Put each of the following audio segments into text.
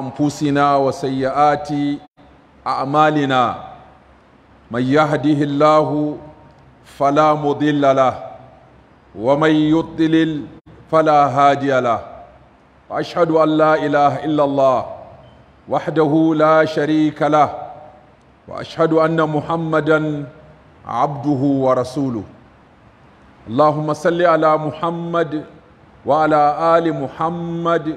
أنفسنا وسيئات أعمالنا من يهده الله فلا مضل له ومن يضلل فلا هادي له وأشهد أن لا إله إلا الله وحده لا شريك له وأشهد أن محمدا عبده ورسوله اللهم صل على محمد وعلى آل محمد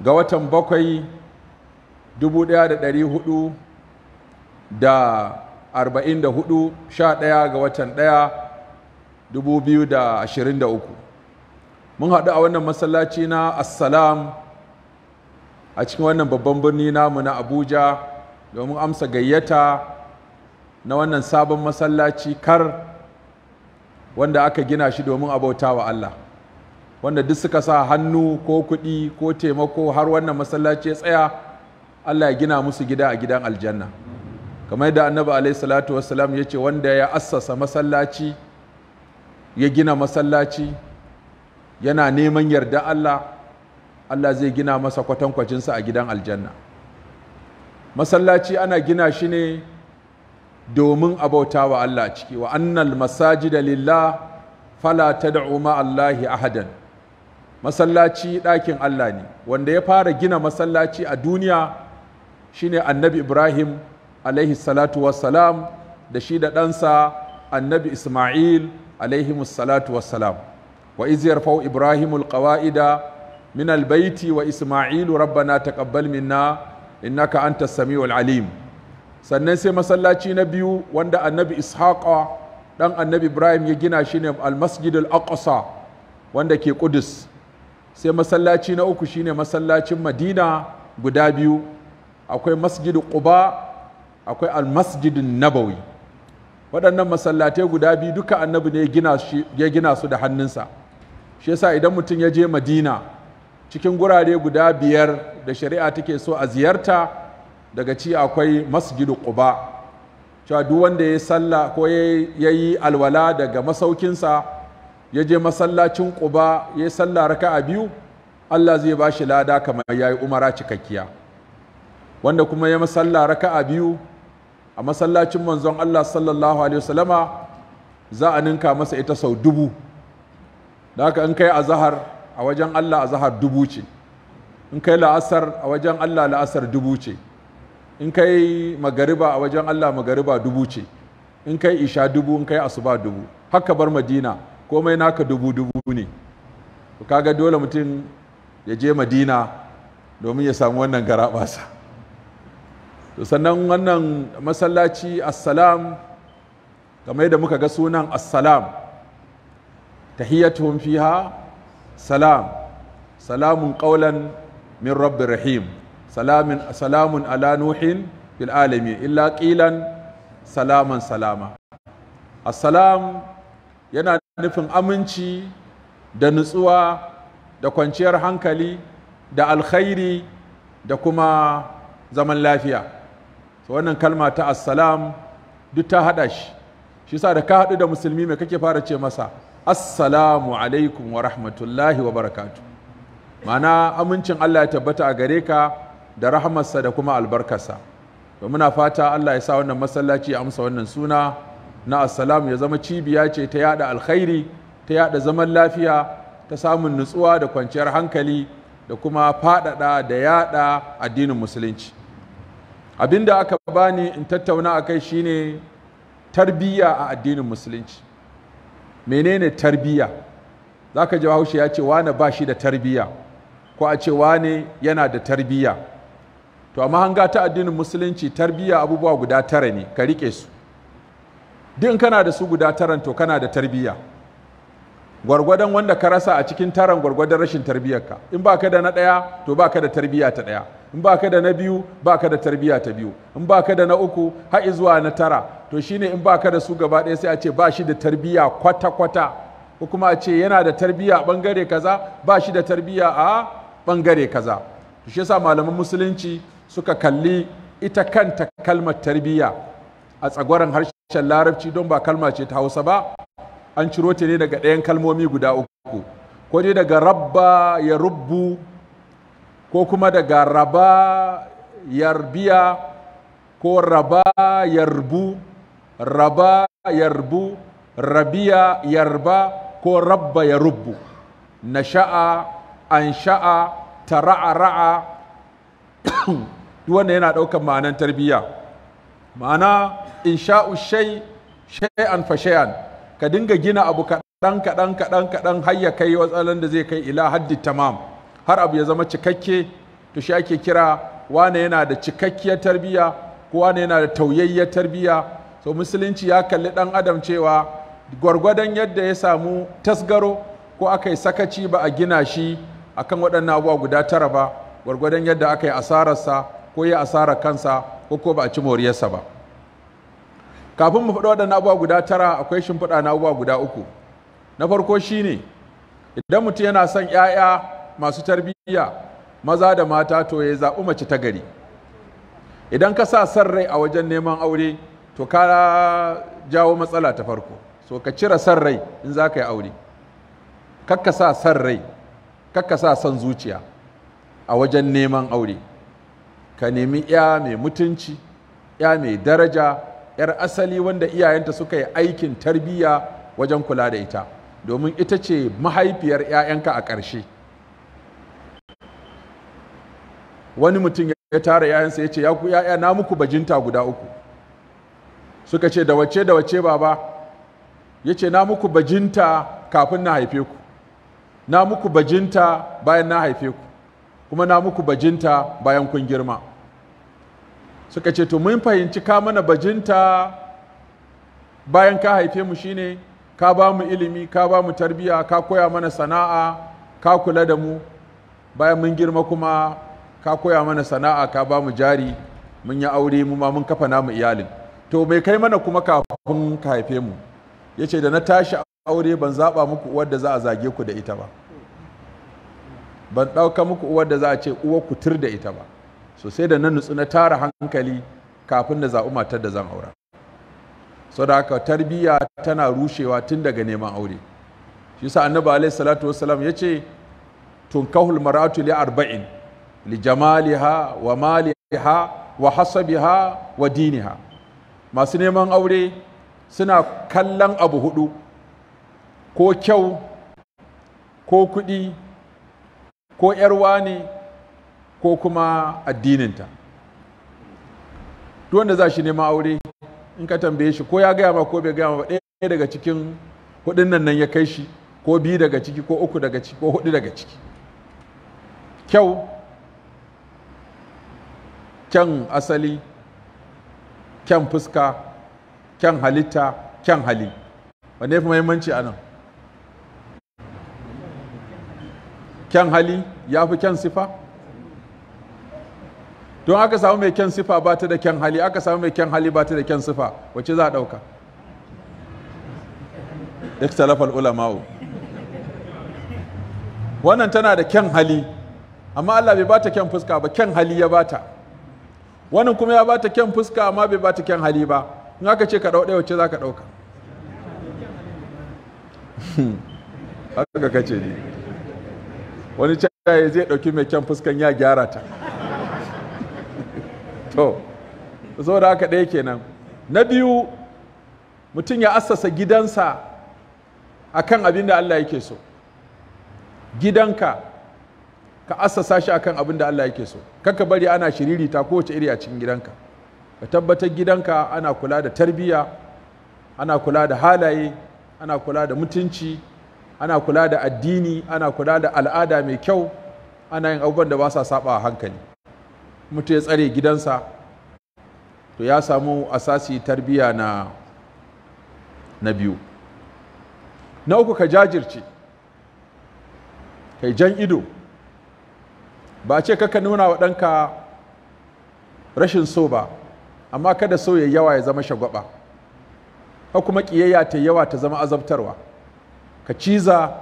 ga watan bakwai dubu ɗaya da ɗari hudu da arba'in da hudu sha ɗaya ga watan ɗaya dubu biyu da ashirin da uku mun haɗu a wannan masallaci na assalam a cikin wannan babban birni namu na abuja domin amsa gayyata na wannan sabon masallaci kar wanda aka gina shi domin abauta wa allah wanda duk suka sa hannu ko kuɗi ko taimako har wannan masallaci ya tsaya Allah ya gina musu gida a gidan aljanna kamar yadda annabi alaihi salatu wassalam ya ce wanda ya assasa masallaci ya gina masallaci yana neman yarda Allah Allah zai gina masa kwatankwacinsa a gidan aljanna masallaci ana gina shi ne domin abauta wa Allah ciki wa annal masajida lillah fala tad'u ma Allahi ahadan masallaci ɗakin Allah ne wanda ya fara gina masallaci a duniya shine annabi Ibrahim alaihi salatu wassalam da shi da ɗansa annabi Ismail alaihi salatu wassalam wa iz yarfau Ibrahim alqawaida min albaiti wa Ismailu rabbana taqabbal minna innaka antas samiul alim sannan sai masallaci na biyu wanda annabi Ishaqa dan annabi Ibrahim ya gina shine al-Masjid al-Aqsa wanda ke ƙudus. sai masallaci na uku shine masallacin madina guda biyu akwai masjidu quba akwai almasjidun nabawi waɗannan masallatai guda biyu duka annabi ne ya gina su da hannunsa shi yasa idan mutum ya je madina cikin gurare guda biyar da shari'a take so a ziyarta daga ci akwai masjidu quba cewa duk wanda ya ko ya yi alwala daga masaukinsa ya je masallacin quba ya sallah raka'a biyu Allah zai ba shi lada kamar ya yi umara cikakkiya wanda kuma ya masalla raka'a biyu a masallacin manzon Allah sallallahu alaihi wasallama za a ninka masa ita sau dubu da haka in kai azahar a wajen Allah azahar dubu ce in kai la'asar a wajen Allah la'asar dubu ce in kai magariba a wajen Allah magariba dubu ce in kai isha dubu in kai asuba dubu haka bar madina komai naka dubu dubu ne kaga dole mutum ya je madina domin ya samu wannan garaɓasa sannan wannan masallaci assalam kamar yadda muka ga sunan assalam tahiyyatuhum fiha salam salamun qaulan min rabbir rahim salamin salamun ala nuhin fil alamin illa qilan salaman salama assalam yana nufin aminci da nutsuwa da kwanciyar hankali da alkhairi da kuma zaman lafiya so wannan kalma ta assalam duk ta haɗa shi shi sa da ka haɗu da musulmi mai kake fara ce masa assalamu alaikum wa rahmatullahi wa barakatu ma'ana amincin Allah ya tabbata a gare ka da rahamarsa da kuma albarkarsa to muna fata Allah ya sa wannan masallaci ya amsa wannan suna na assalamu ya zama cibiya ce ta yada alkhairi ta yada zaman lafiya ta samun nutsuwa da kwanciyar hankali da kuma faɗaɗa da yada addinin musulunci abinda aka bani in tattauna a kai shine tarbiyya a addinin musulunci menene tarbiyya za ka ji haushe ya ce wane ba shi da tarbiyya ko a ce wane yana da tarbiyya to amma hanga ta addinin musulunci tarbiyya abubuwa guda tara ne ka rike su din kana da su guda taran to kana da tarbiyya gwargwadon wanda ka rasa a cikin taran gwargwadon rashin tarbiyyarka in ba ka da na ɗaya to ba ka da tarbiyya ta ɗaya in ba ka da na biyu ba ka da tarbiyya ta biyu in ba ka da na uku har zuwa na tara to shine in ba ka da su gaba ɗaya sai a ce ba shi da tarbiyya kwata-kwata ko kuma a ce yana da tarbiyya a ɓangare kaza ba shi da tarbiyya a ɓangare kaza to shi yasa malaman musulunci suka kalli ita kanta kalmar tarbiyya a tsagwaron harshe harshen larabci don ba kalma ce ta hausa ba an ciro ta ne daga ɗayan kalmomi guda uku ko dai daga rabba ya rubu ko kuma daga raba yarbiya ko raba yarbu raba yarbu rabiya yarba ko rabba ya sha'a nasha'a ansha'a tara'a ra'a duk wannan yana ɗaukar ma'anan tarbiyya ma'ana insha'u shay shay'an fa shay'an ka dinga gina abu kaɗan kaɗan kaɗan kaɗan har ya kai watsalan da zai kai ila haddi tamam har abu ya zama cikakke to shi ake kira wane yana da cikakkiyar tarbiyya ko wane yana da tauyayyar tarbiyya so musulunci ya kalli ɗan adam cewa gwargwadon yadda ya samu tasgaro ko aka yi sakaci ba a gina shi akan waɗannan abubuwa guda tara ba gwargwadon yadda aka yi asararsa ko ya asara kansa ko ko ba a ci moriyarsa ba kafin mu faɗi waɗannan abubuwa guda tara akwai shimfiɗa na abubuwa guda uku na farko shine idan mutum yana son 'ya'ya masu tarbiyya maza da mata to ya zaɓi mace ta gari idan ka sa san rai a wajen neman aure to ka jawo matsala ta farko so ka cire san rai in za ka yi aure kakka sa san rai kakka sa san zuciya a wajen neman aure ka nemi 'ya mai mutunci 'ya mai daraja 'yar asali wanda iyayenta suka yi aikin tarbiyya wajen kula da ita domin ita ce mahaifiyar 'ya'yanka a ƙarshe wani mutum ya tara 'ya'yansa ya ce ya ku 'ya'ya na muku bajinta guda uku suka ce da wace da wace baba ya ce na muku bajinta kafin na haife ku na muku bajinta bayan na haife ku kuma na muku bajinta bayan kun girma suka ce to mun fahimci ka mana bajinta bayan ka haife mu shine ka ba mu ilimi ka ba mu tarbiya ka koya mana sana'a ka kula da mu bayan mun girma kuma ka koya mana sana'a ka ba mu jari mun yi aure mu ma mun kafa namu iyalin to mai kai mana kuma kafin ka haife mu Ya ce da na tashi aure ban zaba muku uwar da za a zage ku da ita ba ban ɗauka muku uwar da za a ce uwar ku tur da ita ba so sai da na nutsu na tara hankali kafin na zaɓi matar da zan aura so da tana rushewa tun daga neman aure shi sa annabi alaihi salatu wassalam ya ce tunkahul maratu li arba'in li jamaliha wa maliha wa hasabiha wa diniha masu neman aure suna kallon abu hudu ko kyau ko kuɗi ko 'yarwa ne ko kuma addininta duk wanda za shi nema aure in ka tambaye shi ko ya gaya ma ko bai gaya ma ɗaya daga cikin hudun nan ya kai shi ko biyu daga ciki ko uku daga ciki ko hudu daga ciki kyau kyan asali kyan fuska kyan halitta kyan hali wanda ya fi mahimmanci a nan kyan hali ya fi kyan sifa don aka samu mai kyan sifa ba ta da kyan hali aka samu mai kyan hali ba ta da kyan sifa wace za a ɗauka ikhtilafal ulama'u wannan tana da kyan hali amma Allah bai bata kyan fuska ba kyan hali ya bata wannan kuma ya bata kyan fuska amma bai bata kyan hali ba in aka ce ka ɗau ɗaya wace za ka ɗauka haka kace ne wani cayaye zai ɗauki mai kyan fuskan ya gyara ta to da haka ɗaya kenan na biyu mutum ya assasa gidansa akan abin da Allah yake so gidanka ka assasa shi akan abin da Allah yake so kanka bari ana shiririta kowace iri a cikin gidanka ka tabbatar gidanka ana kula da tarbiyya ana kula da halaye ana kula da mutunci ana kula da addini ana kula da al'ada mai kyau ana yin abubuwan da ba sa saba hankali mutu ya tsare gidansa to ya samu asasi tarbiya na na biyu na uku ka jajirce kai jan ido ba ce kaka nuna wa ɗanka rashin so ba amma kada so ya yawa ya zama shagwaba ka kuma ƙiyayya ta yawa ta zama azabtarwa ka ciza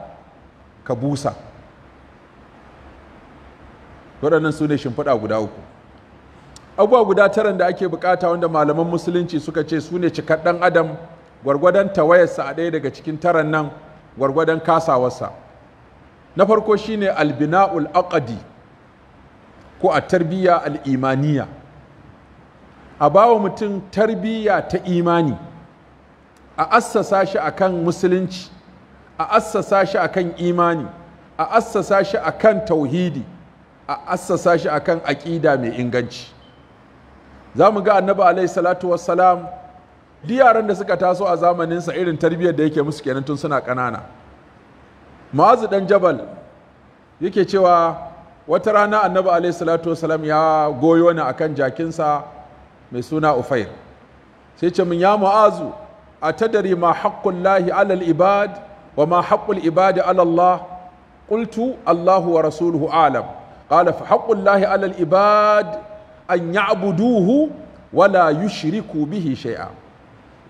ka busa waɗannan su ne shimfiɗa guda uku abubuwa guda taran da ake bukata wanda malaman musulunci suka ce su ne cikaɗɗen adam gwargwadon tawayarsa a ɗaya daga cikin taran nan gwargwadon kasawarsa na farko shine albina'ul aqadi ko a tarbiyya al'imaniya a bawa mutum tarbiyya ta imani a assasa shi kan musulunci a assasa shi kan imani a assasa shi kan tauhidi a assasa shi kan aƙida mai inganci za mu ga annabi alaihi salatu wassalam duk yaran da suka taso a zamaninsa irin tarbiyyar da yake musu kenan tun suna ƙanana ma'azu dan jabal yake cewa wata rana annabi alaihi salatu wassalam ya goyo ni akan jakinsa mai suna ufair sai ce min ya mu'azu a tadari ma haƙƙun lahi alal ibad wa ma haƙƙul ibadi alallah ƙultu allahu wa rasuluhu alam ƙala fa haƙƙun lahi alal ibad an ya'buduhu wala yushriku bihi shay'a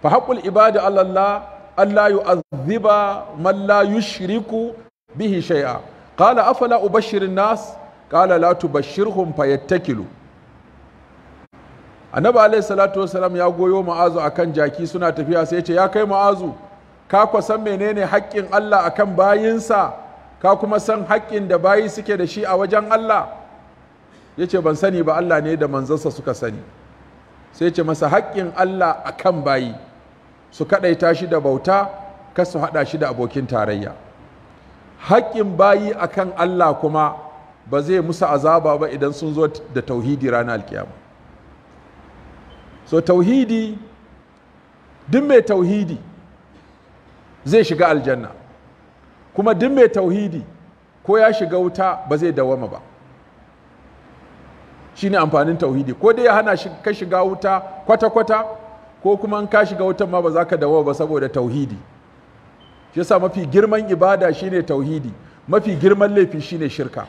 fa haqqul ibadi ala Allah yu'adhiba man la yushriku bihi shay'a qala afala ubashshiru nas qala la tubashshirhum fayattakilu annabi alayhi salatu wasalam ya goyo ma'azu akan jaki suna tafiya sai ce ya kai ma'azu ka kwa san menene haƙƙin Allah akan bayinsa ka kuma san haƙƙin da bayi suke da shi a wajen Allah ya ce ban sani ba Allah ne da manzansa suka sani sai ce masa haƙƙin Allah a kan bayi su kaɗaita shi da bauta ka su haɗa shi da abokin tarayya haƙƙin bayi a kan Allah kuma ba zai musu azaba ba idan sun zo da tauhidi ranar alkiyama so tauhidi duk mai tauhidi zai shiga aljanna kuma duk mai tauhidi ko ya shiga wuta ba zai dawama ba Shi ne amfanin tauhidi ko dai ya hana ka shiga wuta kwata-kwata ko kuma in ka shiga wutan ma ba za ka dawo ba saboda tauhidi shi yasa mafi girman ibada shi ne tauhidi mafi girman laifi shi ne shirka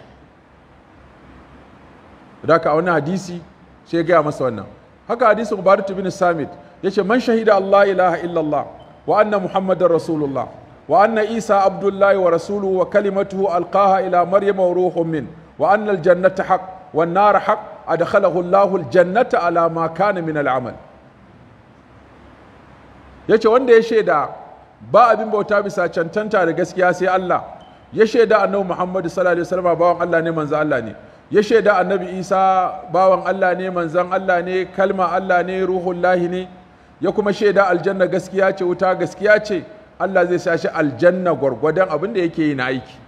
Da ka wani hadisi sai gaya masa wannan haka hadisi mubarak bin samit ce man shahida allah ilaha illallah wa anna muhammadar rasulullah wa anna isa abdullahi wa rasulu wa kalimatuhu alqaha ila maryama wa ruhun min wa anna aljannata haqq wa nar haqq adkhalahu Allahu jannata ala ma kana min al'amal yace wanda ya shaida ba abin bauta bisa cancanta da gaskiya sai Allah ya shaida annabi Muhammadu sallallahu alaihi wasallam bawan Allah ne manzo Allah ne ya shaida annabi Isa bawan Allah ne manzon Allah ne kalma Allah ne lahi ne ya kuma shaida aljanna gaskiya ce wuta gaskiya ce Allah zai sa shi aljanna gwargwadon abin da yake yi na aiki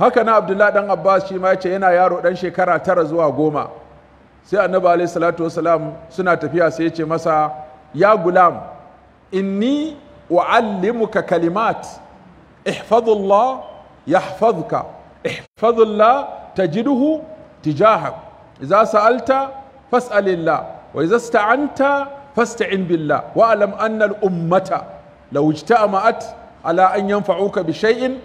haka na abdullahi dan abbas shi ma ya ce yana yaro dan shekara tara zuwa goma sai annabi alaihi salatu wasalam suna tafiya sai ya ce masa ya gulam inni wa'allimuka kalimat ihfazullah yahfazka ihfazullah tajiduhu tijahak idza sa'alta fas'alillah wa idza sta'anta fasta'in billah wa alam anna al ummata law ijtama'at ala an yanfa'uka bi shay'in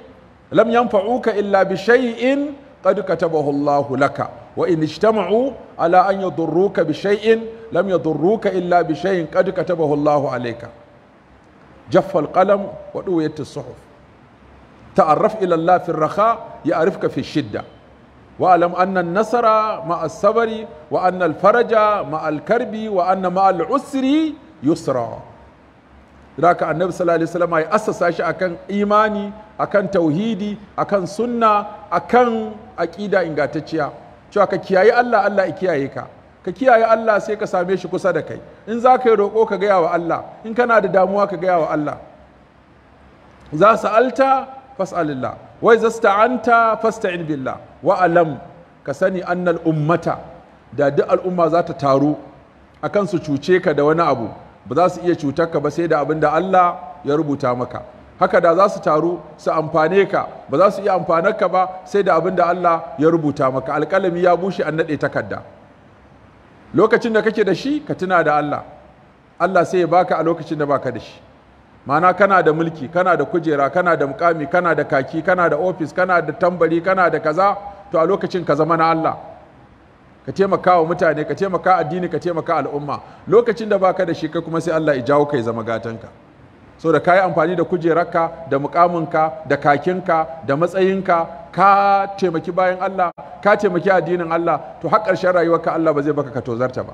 lam yanfa'uka illa bi shay'in qad katabahu Allahu laka wa in ijtama'u ala an yadurruka bi shay'in lam yadurruka illa bi shay'in qad katabahu Allahu alayka jaffa al-qalam wa duwiyat suhuf ta'arraf ila Allah fi ar-rakha ya'rifka fi ash-shidda واعلم ان النصر مع الصبر وان الفرج مع الكرب وان مع العسر يسرا ذاك النبي صلى الله عليه وسلم يأسس shi akan imani akan tauhidi akan sunna akan aƙida ingantacciya cewa ka kiyaye Allah Allah kiyaye ka ka kiyaye Allah sai ka same shi kusa da kai in za ka yi roƙo ka gaya wa Allah in kana da damuwa ka gaya wa Allah za su alta fas'alillah wai za sta'anta fasta'in billah wa alam ka sani annal ummata da duk al'umma za ta taru akan su cuce ka da wani abu ba za su iya cutar ka ba sai da abin da Allah ya rubuta maka haka da za su taru su amfane ka ba za su iya amfanar ka ba sai da abin da Allah ya rubuta maka alƙalami ya bushe an naɗe takarda lokacin da kake da shi ka tuna da Allah Allah sai ya baka a lokacin da baka da shi mana kana da mulki kana da kujera kana da mukami kana da kaki kana da ofis kana da tambari kana da kaza to a lokacin ka zama na Allah ka taimaka wa mutane ka taimaka addini ka taimaka al'umma lokacin da baka da shi kai kuma sai Allah ya jawo kai zama ka. so da ka yi amfani da kujerarka da mukaminka da kakinka da matsayinka ka taimaki bayan Allah ka taimaki addinin Allah to har ƙarshen rayuwarka Allah ba zai baka ka tozarta ba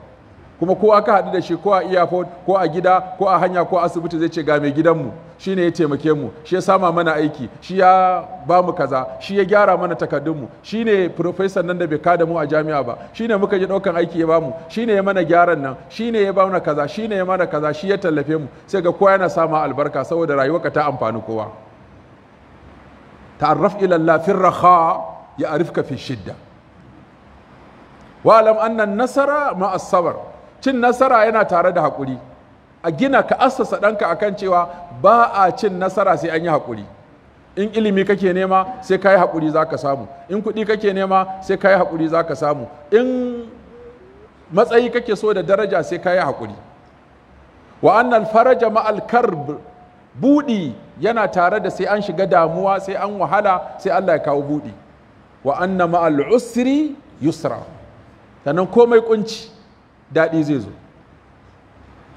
kuma ko aka haɗu da shi ko a iyafo, ko a gida ko a hanya ko a asibiti zai ce ga mai gidanmu shi ne ya taimake mu shi ya sama mana aiki shi ya ba mu kaza shi ya gyara mana takardunmu shi ne profesan nan da bai kada mu a jami'a ba shi ne muka ji ɗaukan aiki ya bamu shi ne ya mana gyaran nan shi ne ya ba mana kaza shi ne ya mana kaza shi ya tallafe mu sai ga kowa yana sama albarka saboda rayuwarka ta amfani kowa ta'arraf ila Allah raha ya arifka fi shidda wa'lam anna nasara ma as cin nasara yana tare da haƙuri a gina ka assasa ɗanka a kan cewa ba a cin nasara sai an yi haƙuri in ilimi kake nema sai ka yi haƙuri za ka samu in kuɗi kake nema sai ka yi haƙuri za ka samu in matsayi kake so da daraja sai ka yi haƙuri wa fara faraja ma'al karb buɗi yana tare da sai an shiga damuwa sai an wahala sai Allah ya kawo buɗi wa ma'al usri yusra sannan komai kunci daɗi zai zo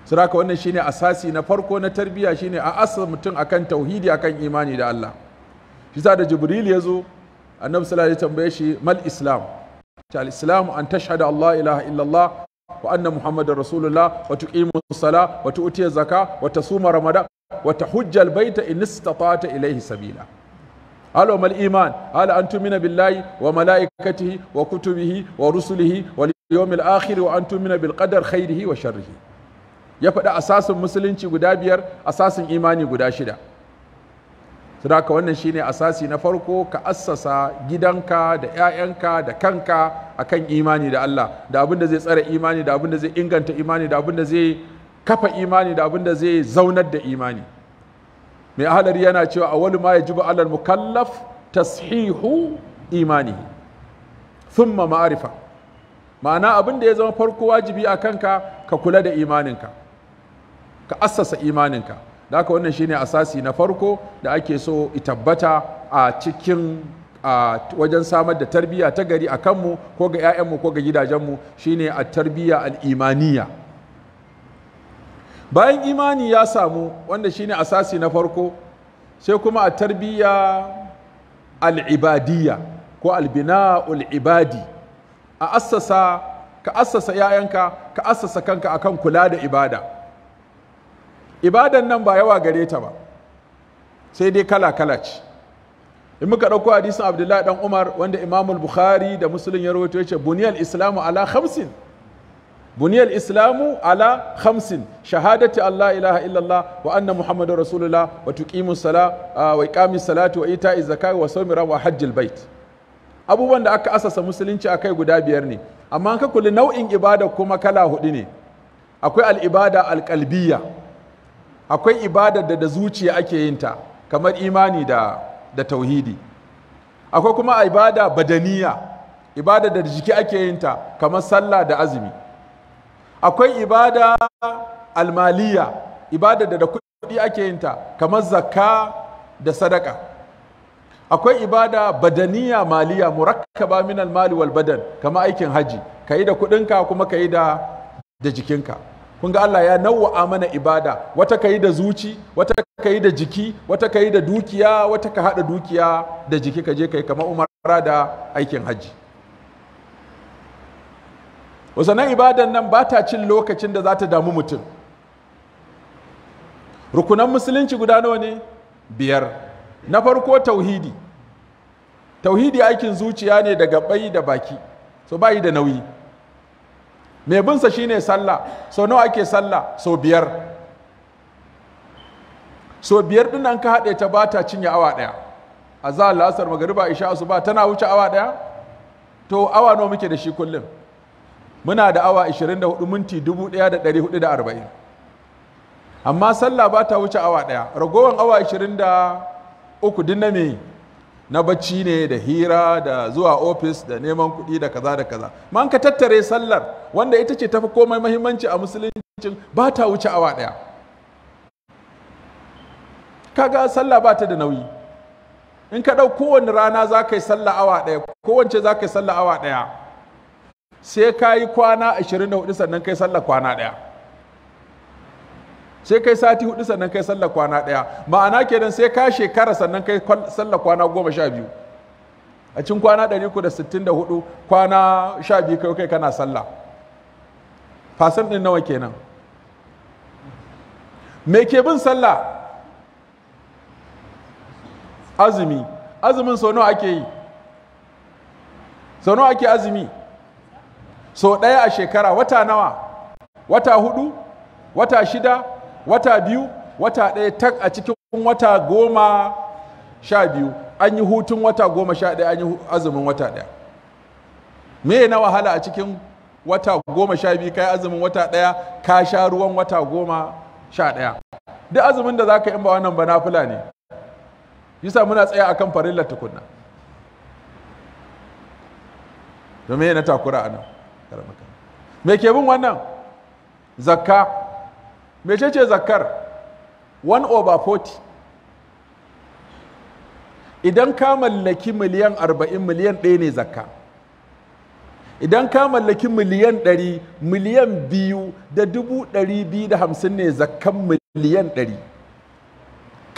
suraka wannan shine asasi na farko na tarbiyya shine a asa mutum akan tauhidi akan imani da Allah shi sa da jibril ya zo annabi sallallahu alaihi tambaye shi mal islam ta al islam an tashhadu Allah ilaha illallah wa anna muhammadar rasulullah wa tuqimu sala wa tu'ti zaka wa tasuma ramadan wa tahujja al-baita in istata'ta ilayhi sabila alo mal iman ala an tumina billahi wa malaikatihi wa kutubihi wa rusulihi wa yawmil akhiri wa an tumina bil qadar khairihi wa sharrihi ya faɗi asasin musulunci guda biyar asasin imani guda shida sadaka wannan shine asasi na farko ka assasa gidanka da 'ya'yanka da kanka akan imani da Allah da abin da zai tsare imani da abin da zai inganta imani da abin da zai kafa imani da abin da zai zaunar da imani mai ahalari yana cewa a wani ma ya jiba alal mukallaf tashihu imanihi thumma ma'arifa ma'ana abin da ya zama farko wajibi a kanka ka kula da imaninka ka assasa imaninka da haka wannan shine asasi na farko da ake so itabbata a cikin a wajen samar da tarbiyya ta gari a kanmu ko ga 'ya'yanmu ko ga gidajenmu shine a tarbiyya al'imaniya bayan imani ya samu wanda shine asasi na farko sai kuma a tarbiyya al'ibadiyya ko albina ul'ibadi a assasa ka assasa ‘ya'yanka ka assasa kanka akan kula da ibada ibadan nan ba yawa gare ta ba sai dai kala-kala ce in muka ɗauko hadisin abdullahi dan umar wanda imamul bukhari da musulun ya rawaito ya ce buniyar islamu ala hamsin Buniyar islamu ala khamsin shahadati allah ilaha illallah wa anna Muhammadu rasulullah wa sala wa iqamis salati wa ita'iz zakati bait abubuwan da aka asasa musulunci akai guda biyar ne amma ka nau'in ibada kuma kala hudu ne akwai al'ibada alƙalbiya akwai ibadar da zuciya ake kamar imani da tauhidi akwai kuma ibada badaniya ibada da jiki ake yin kamar sallah da azumi akwai ibada almaliya ibada da da kuɗi ake yin ta kamar zakka da sadaka akwai ibada badaniya maliya murakkaba min almal wal badan kamar aikin haji kayi da kuɗinka kuma kayi da da jikinka kun ga Allah ya nawwa'a mana ibada wata kayi da zuci wata kayi da jiki wata kayi da dukiya wata ka haɗa dukiya da jiki ka je kai kamar umara da aikin haji wasannan ibadan nan ba ta cin lokacin da za ta damu mutum rukunan musulunci guda nawa ne biyar na farko tauhidi tauhidi aikin zuciya ne daga bai da baki so bayi da nauyi mai binsa shine sallah so nawa ake sallah so biyar so biyar din an ka haɗe ta ba ta cinye awa ɗaya a za la'asar magariba isha su tana wuce awa ɗaya to awa nawa muke da shi kullum muna da awa 24 minti 1440 amma sallah ba ta wuce awa ɗaya ragowar awa 23 din na me na bacci ne da hira da zuwa ofis da neman kuɗi da kaza da kaza man ka tattare sallar wanda ita ce tafi komai mahimmanci a musulunci ba ta wuce awa ɗaya kaga sallah ba ta da nauyi in ka ɗau kowane rana za ka yi sallah awa ɗaya kowance za ka yi sallah awa ɗaya sai ka yi kwana 24 sannan kai sallar kwana ɗaya sai kai sati hudu sannan kai sallar kwana ɗaya ma'ana kenan sai ka shekara sannan kai sallar kwana goma sha biyu a cikin kwana hudu kwana sha biyu kai kai kana sallah fasan ɗin nawa kenan me ke bin sallah azumi azumin sau nawa ake yi sau nawa ake azumi so ɗaya a shekara wata nawa wata hudu wata shida wata biyu wata ɗaya tak a cikin wata goma sha biyu an yi hutun wata goma sha ɗaya an yi azumin wata ɗaya me na wahala a cikin wata goma sha biyu kai azumin wata ɗaya ka sha ruwan wata goma sha ɗaya duk azumin da za ka yi ba wannan bana fula ne yasa muna tsaya akan farillar tukunna domin yana takura a nan karamaka me ke bin wannan zakka mece ce zakkar 1 over 40 idan ka mallaki miliyan 40 miliyan 1 ne zakka idan ka mallaki miliyan 100 miliyan 2 da 250 ne zakkan miliyan 100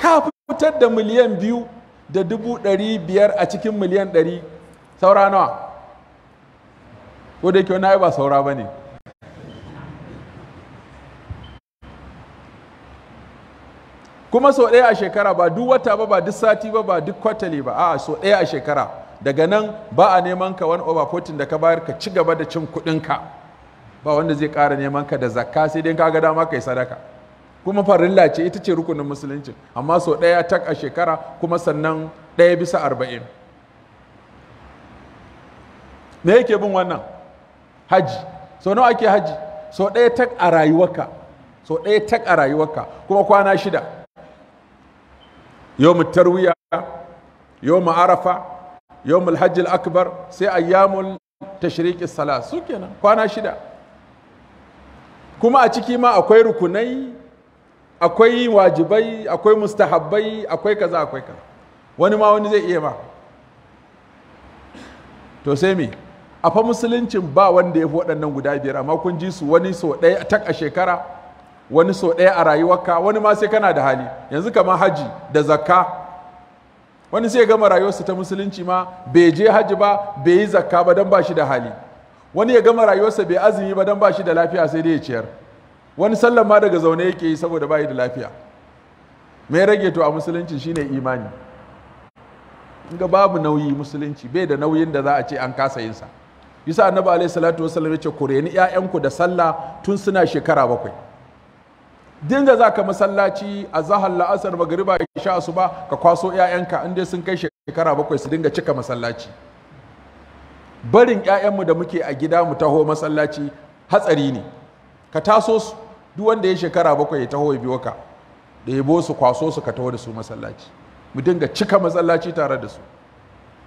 ka fitar da miliyan 2 da 500 a cikin miliyan 100 saura nawa ko da yake wani ba saura ba ne kuma sau ɗaya a shekara ba duk wata ba ba duk sati ba ba duk kwatale ba a'a sau ɗaya a shekara daga nan ba a neman ka wani over fourteen da ka bayar ka ci gaba da cin kuɗinka ba wanda zai ƙara neman ka da zakka sai dai ka ga dama kai sadaka kuma farilla ce ita ce rukunin musulunci amma sau ɗaya tak a shekara kuma sannan ɗaya bisa arba'in me yake bin wannan haji so nawa ake haji so ɗaya tak a rayuwarka so ɗaya tak a rayuwarka kuma kwana shida yau tarwiya yau arafa yau hajjil akbar sai ta sala su kenan kwana shida kuma a ciki ma akwai rukunai akwai wajibai akwai mustahabbai akwai kaza akwai kaza wani ma wani zai iya ma to sai me a fa musuluncin ba wanda ya fi waɗannan guda biyar amma kun ji su wani so ɗaya tak a shekara wani so ɗaya a rayuwarka wani ma sai kana da hali yanzu kama haji da zakka wani sai gama rayuwarsa ta musulunci ma bai je haji ba bai yi zakka ba don ba shi da hali wani ya gama rayuwarsa bai azumi ba don ba shi da lafiya sai dai ya ciyar wani sallan ma daga zaune yake yi saboda ba da lafiya mai rage to a musulunci shine imani in ga babu nauyi musulunci bai da nauyin da za a ce an kasa yinsa yasa annabi alayhi salatu wasallam yace ce ku reni ƴaƴanku da sallah tun suna shekara bakwai dinga za ka masallaci a zahar la'asar magariba isha asuba ka kwaso ƴaƴanka inda sun kai shekara bakwai su dinga cika masallaci barin ƴaƴanmu da muke a gida mu taho masallaci hatsari ne ka taso su duk wanda ya shekara bakwai ya taho ya biyo ka da yabo su kwaso su ka taho da su masallaci mu dinga cika masallaci tare da su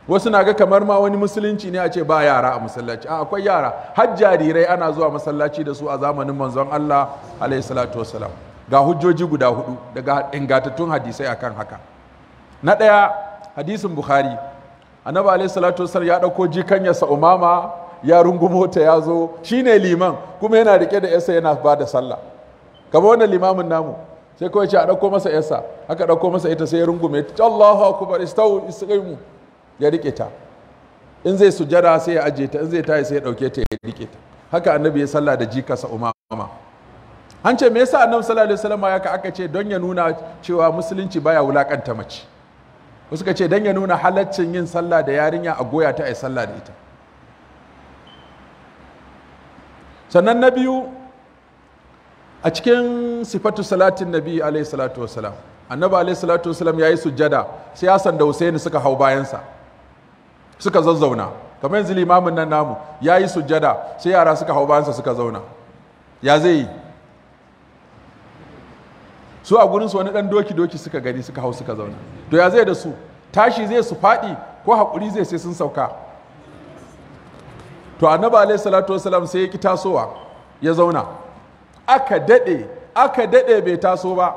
wasu na ga kamar ma wani musulunci ne a ce ba yara a musallaci. a akwai yara har jarirai ana zuwa masallaci da su a zamanin manzon Allah alaihi salatu wasalam ga hujjoji guda hudu daga ingantattun hadisai akan haka na ɗaya hadisin bukhari annabi alaihi salatu wasalam ya dauko ɗauko sa umama ya rungumo ta ya zo shine liman kuma yana rike da yasa yana ba da sallah kamar wannan limamin namu sai kawai ce a dauko masa yasa aka dauko masa ita sai ya rungume Allahu akbar istau istaqim ya rike ta in zai sujada sai ya ajiye ta in zai tayi sai ya dauke ta ya rike ta haka annabi ya sallah da jikarsa umama an ce me yasa annabi sallallahu alaihi wasallam ya ka aka ce don ya nuna cewa musulunci baya wulakanta mace suka ce don ya nuna halaccin yin sallah da yarinya a goya ta a sallah da ita sannan na biyu a cikin sifatu salatin nabi alaihi salatu wasalam annabi alaihi salatu wasalam ya yi sujjada sai hassan da husaini suka hau bayansa suka zazzauna kamar yanzu limamin nan namu ya yi sujjada sai yara suka hau bayansa suka zauna ya zai yi su a gurinsu wani dan doki doki suka gani suka hau suka zauna to ya zai da su tashi zai su faɗi ko haƙuri zai sai sun sauka to annabi alaihi salatu wasalam sai ya ki tasowa ya zauna aka daɗe aka daɗe bai taso ba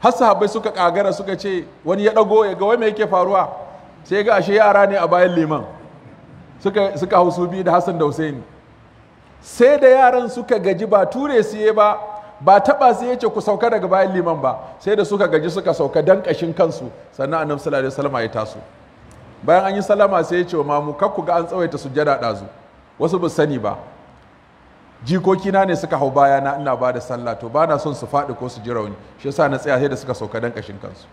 har sahabbai suka kagara suka ce wani ya ɗago ya ga wai me yake faruwa sai ga ashe yara ne a bayan liman suka hau su biyu da Hassan da hussaini sai da yaran suka gaji ba ture siye ba ba taba sai yace ku sauka daga bayan liman ba sai da suka gaji suka sauka dan kashin kansu sannan annabi sallallahu alaihi wasallam ya taso bayan an yi salama sai ya ce wa mamu kakku ga an tsawaita sujjada dazu wasu ba sani ba jikoki na ne suka hau bayana ina ba da sallah to ba na son su faɗi ko su ji rauni shi yasa na tsaya sai da suka sauka dan kashin kansu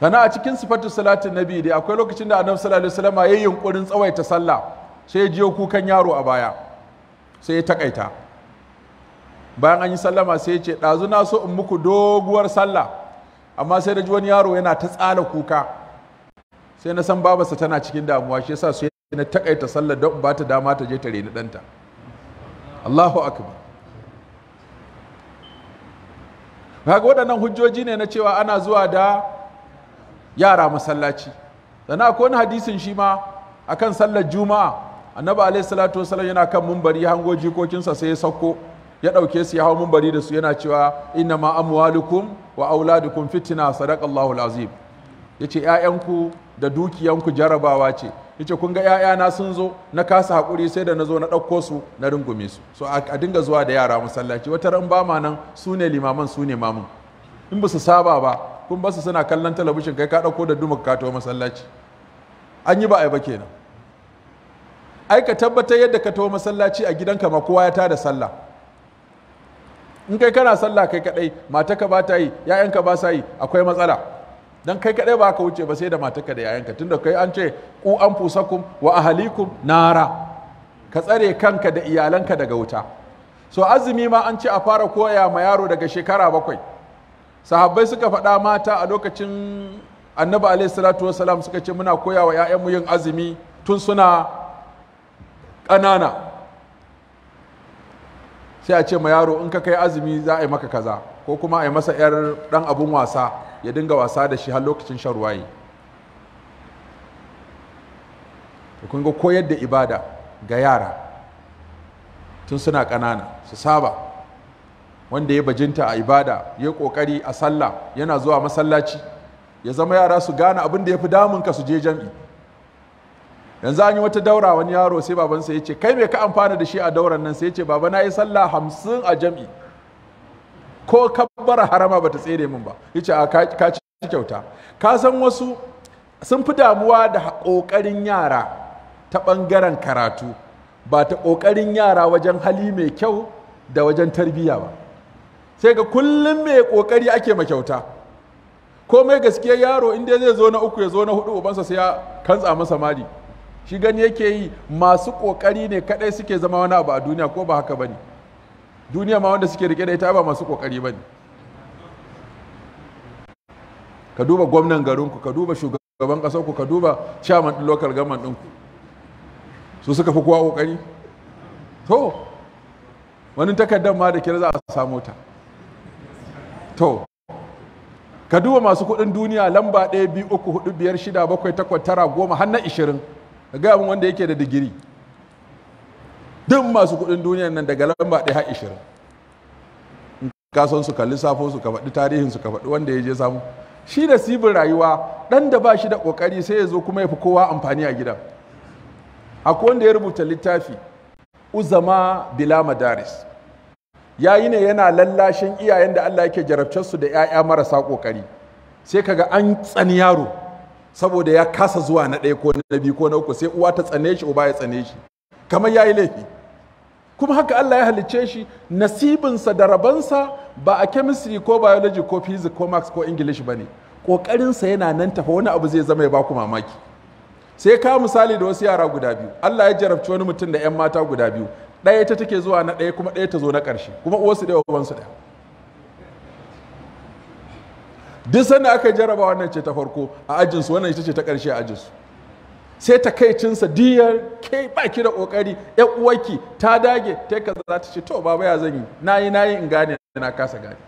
kana a cikin sifatu salatin nabi dai akwai lokacin da annabi sallallahu alaihi wasallam yayin yunkurin tsawaita sallah sai ya jiyo kukan yaro a baya sai ya takaita bayan an yi sallama sai ya ce ɗazu na so in muku doguwar sallah amma sai da ji wani yaro yana ta tsala kuka sai na san babarsa tana cikin damuwa shi yasa sai na takaita sallah don ba ta dama ta je ta reni danta. Allahu akbar kaga waɗannan hujjoji ne na cewa ana zuwa da yara masallaci sannan akwai wani hadisin shi ma akan sallar juma'a annabi alaihi salatu wasallam yana kan mumbari hango jikokinsa sai ya sauko ya ɗauke su ya hau mumbari da su yana cewa inna ma amwalukum wa auladukum fitina sadaqallahu alazim yace ƴaƴanku da dukiyanku jarabawa ce yace kun ga ƴaƴana sun zo na kasa hakuri sai da na zo na ɗauko su na rungume su so a dinga zuwa da yara masallaci wata ran ba ma nan su limaman su mamun in ba su saba ba kun basu suna kallon talabishin kai ka ɗauko da duma ka masallaci an yi ba a yi ba kenan ai ka tabbatar yadda ka tawo masallaci a gidanka ma kowa ya tada sallah in kai kana sallah kai kadai mataka ba ta yi ya'yanka ba sa yi akwai matsala dan kai kadai ba ka wuce ba sai da mataka da ya'yanka tunda kai an ce ku an fusakum wa ahalikum nara ka tsare kanka da iyalanka daga wuta so azumi ma an ce a fara koya ma yaro daga shekara bakwai sahabbai suka faɗa mata a lokacin annabi alaihi salatu wasalam suka ce muna koya wa 'ya'yanmu yin azumi tun suna ƙanana sai a ce ma yaro in ka kai azumi za a yi maka kaza ko kuma a yi masa 'yar ɗan abun wasa ya dinga wasa da shi har lokacin shan ruwaye kun ga koyar da ibada ga yara tun suna ƙanana su saba wanda ya bajinta a ibada ya kokari a sallah yana zuwa masallaci ya zama yara su gane abin da ya fi damun ka su je jam'i yanzu an yi wata daura wani yaro sai babansa ya ce kai me ka amfana da shi a dauran nan sai ya ce baba na yi sallah hamsin a jam'i ko kabbara harama bata tsere min ba ya ce ka ci kyauta ka san wasu sun fi damuwa da kokarin yara ta ɓangaren karatu ba ta kokarin yara wajen hali mai kyau da wajen tarbiyya ba sai ga kullum mai kokari ake makyauta komai gaskiya yaro inda zai zo na uku ya zo na hudu ubansa sai ya kantsa masa mali shi gani yake yi masu kokari ne kadai suke zama wani abu a duniya ko ba haka bane duniya ma wanda suke rike da ita ba masu kokari bane ka duba gwamnan garinku ka duba shugaban ku, ka duba chairman din local government ɗinku su suka fi kowa kokari to wani takardar ma da kira za a samu ta to ka duba masu kuɗin duniya lamba ɗaya biyu uku hudu biyar shida bakwai takwas tara goma har na ishirin ka gaya min wanda yake da digiri duk masu kuɗin duniya nan daga lamba ɗaya har ishirin ka su kalli safo su ka faɗi tarihin su ka faɗi wanda ya je samu shi da sibin rayuwa ɗan da ba shi da ƙoƙari sai ya zo kuma ya fi kowa amfani a gidan akwai wanda ya rubuta littafi uzama bila madaris ya yi ne yana lallashin iyayen da Allah yake su da 'ya'ya marasa ƙoƙari sai kaga an tsani yaro saboda ya kasa zuwa na ɗaya ko na biyu ko na uku sai uwa ta tsane shi uba ya tsane shi kamar ya yi laifi kuma haka Allah ya halicce shi nasibinsa da rabansa ba a chemistry ko biology ko physics ko max ko english ba ne ƙoƙarinsa yana nan tafa wani abu zai zama ya baku mamaki sai ka misali da wasu yara guda biyu Allah ya jarabci wani mutum da 'yan mata guda biyu ɗaya ta take zuwa na ɗaya kuma ɗaya ta zo na ƙarshe kuma uwarsu ɗaya ubansu ɗaya duk sanda aka jaraba wannan ce ta farko a ajinsu wannan ita ce ta ƙarshe a ajinsu sai ta kai cinsa diyar ke baki da ƙoƙari ya uwarki ta dage ta kaza za ta ce to baba ya zan yi na yi na yi in gane na kasa gane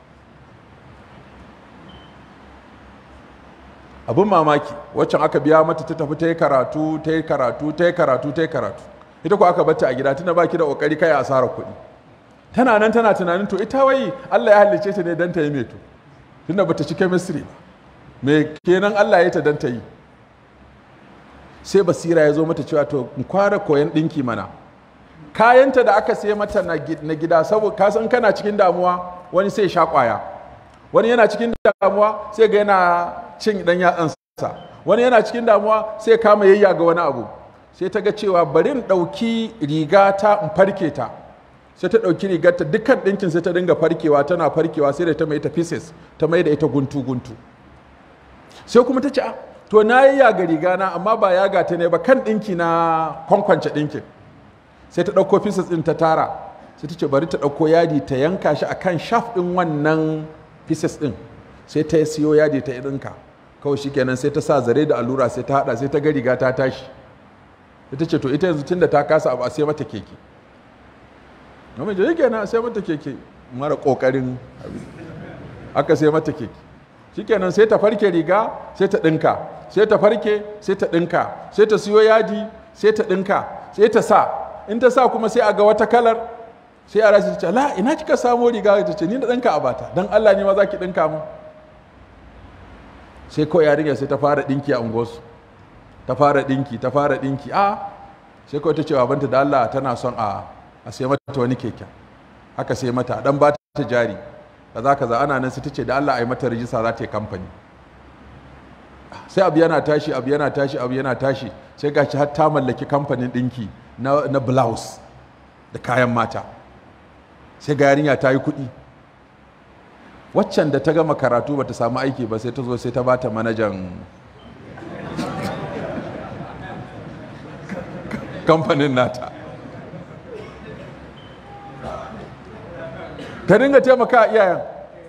abin mamaki waccan aka biya mata ta tafi ta yi karatu ta yi karatu ta yi karatu ta yi karatu ita ko aka bata a gida tana baki da kokari kai asarar kuɗi tana nan tana tunanin to ita wai Allah ya halicce ta ne dan ta yi to tunda bata ci chemistry me kenan Allah ya ta dan ta yi sai basira ya zo mata cewa to in kwara koyan dinki mana kayanta da aka sai mata na gida saboda ka san kana cikin damuwa wani sai sha kwaya wani yana cikin damuwa sai ga yana cin dan yatsansa wani yana cikin damuwa sai kama yayya ga wani abu sai ta ga cewa bari in ɗauki riga ta in farke ta sai ta ɗauki riga ta dukkan ɗinkin sai ta dinga farkewa tana farkewa sai da ta mai ta pieces ta mai da ita guntu guntu sai kuma ta ce ah, to na yi yaga riga na amma ba yaga ta ne ba kan ɗinki na kwankwance ɗinkin sai ta ɗauko pieces ɗin ta tara sai ta ce bari ta ɗauko yadi ta yanka shi akan shaf ɗin wannan pieces ɗin sai ta siyo yadi ta ɗinka kawai shi kenan sai ta sa zare da allura sai ta haɗa sai ta ga riga ta tashi ita ce to ita yanzu tunda ta kasa abu a sai mata keke amma je yake na sai mata keke mara kokarin aka sai mata keke shikenan sai ta farke riga sai ta dinka sai ta farke sai ta dinka sai ta siyo yadi sai ta dinka sai ta sa in ta sa kuma sai a ga wata kalar sai a rashi ta la ina kika samo riga ta ce ni na dinka a bata dan Allah ne ma zaki dinka mu sai kawai yarinya sai ta fara dinki a unguwarsu ta fara dinki ta fara dinki a ah, sai kawai ta ce babanta da Allah tana son a a sai mata wani keken haka sai mata dan ba ta jari kaza kaza ana nan sai ta ce da Allah ai mata rijista za ta yi kamfani sai abu yana tashi abu yana tashi abu yana tashi sai gashi har ta mallaki kamfanin dinki na na blouse da kayan mata sai ga yarinya ta yi kuɗi waccan da ta gama karatu ba ta samu aiki ba sai ta zo sai ta bata manajan kamfanin nata Ka dinga taimaka a iyayen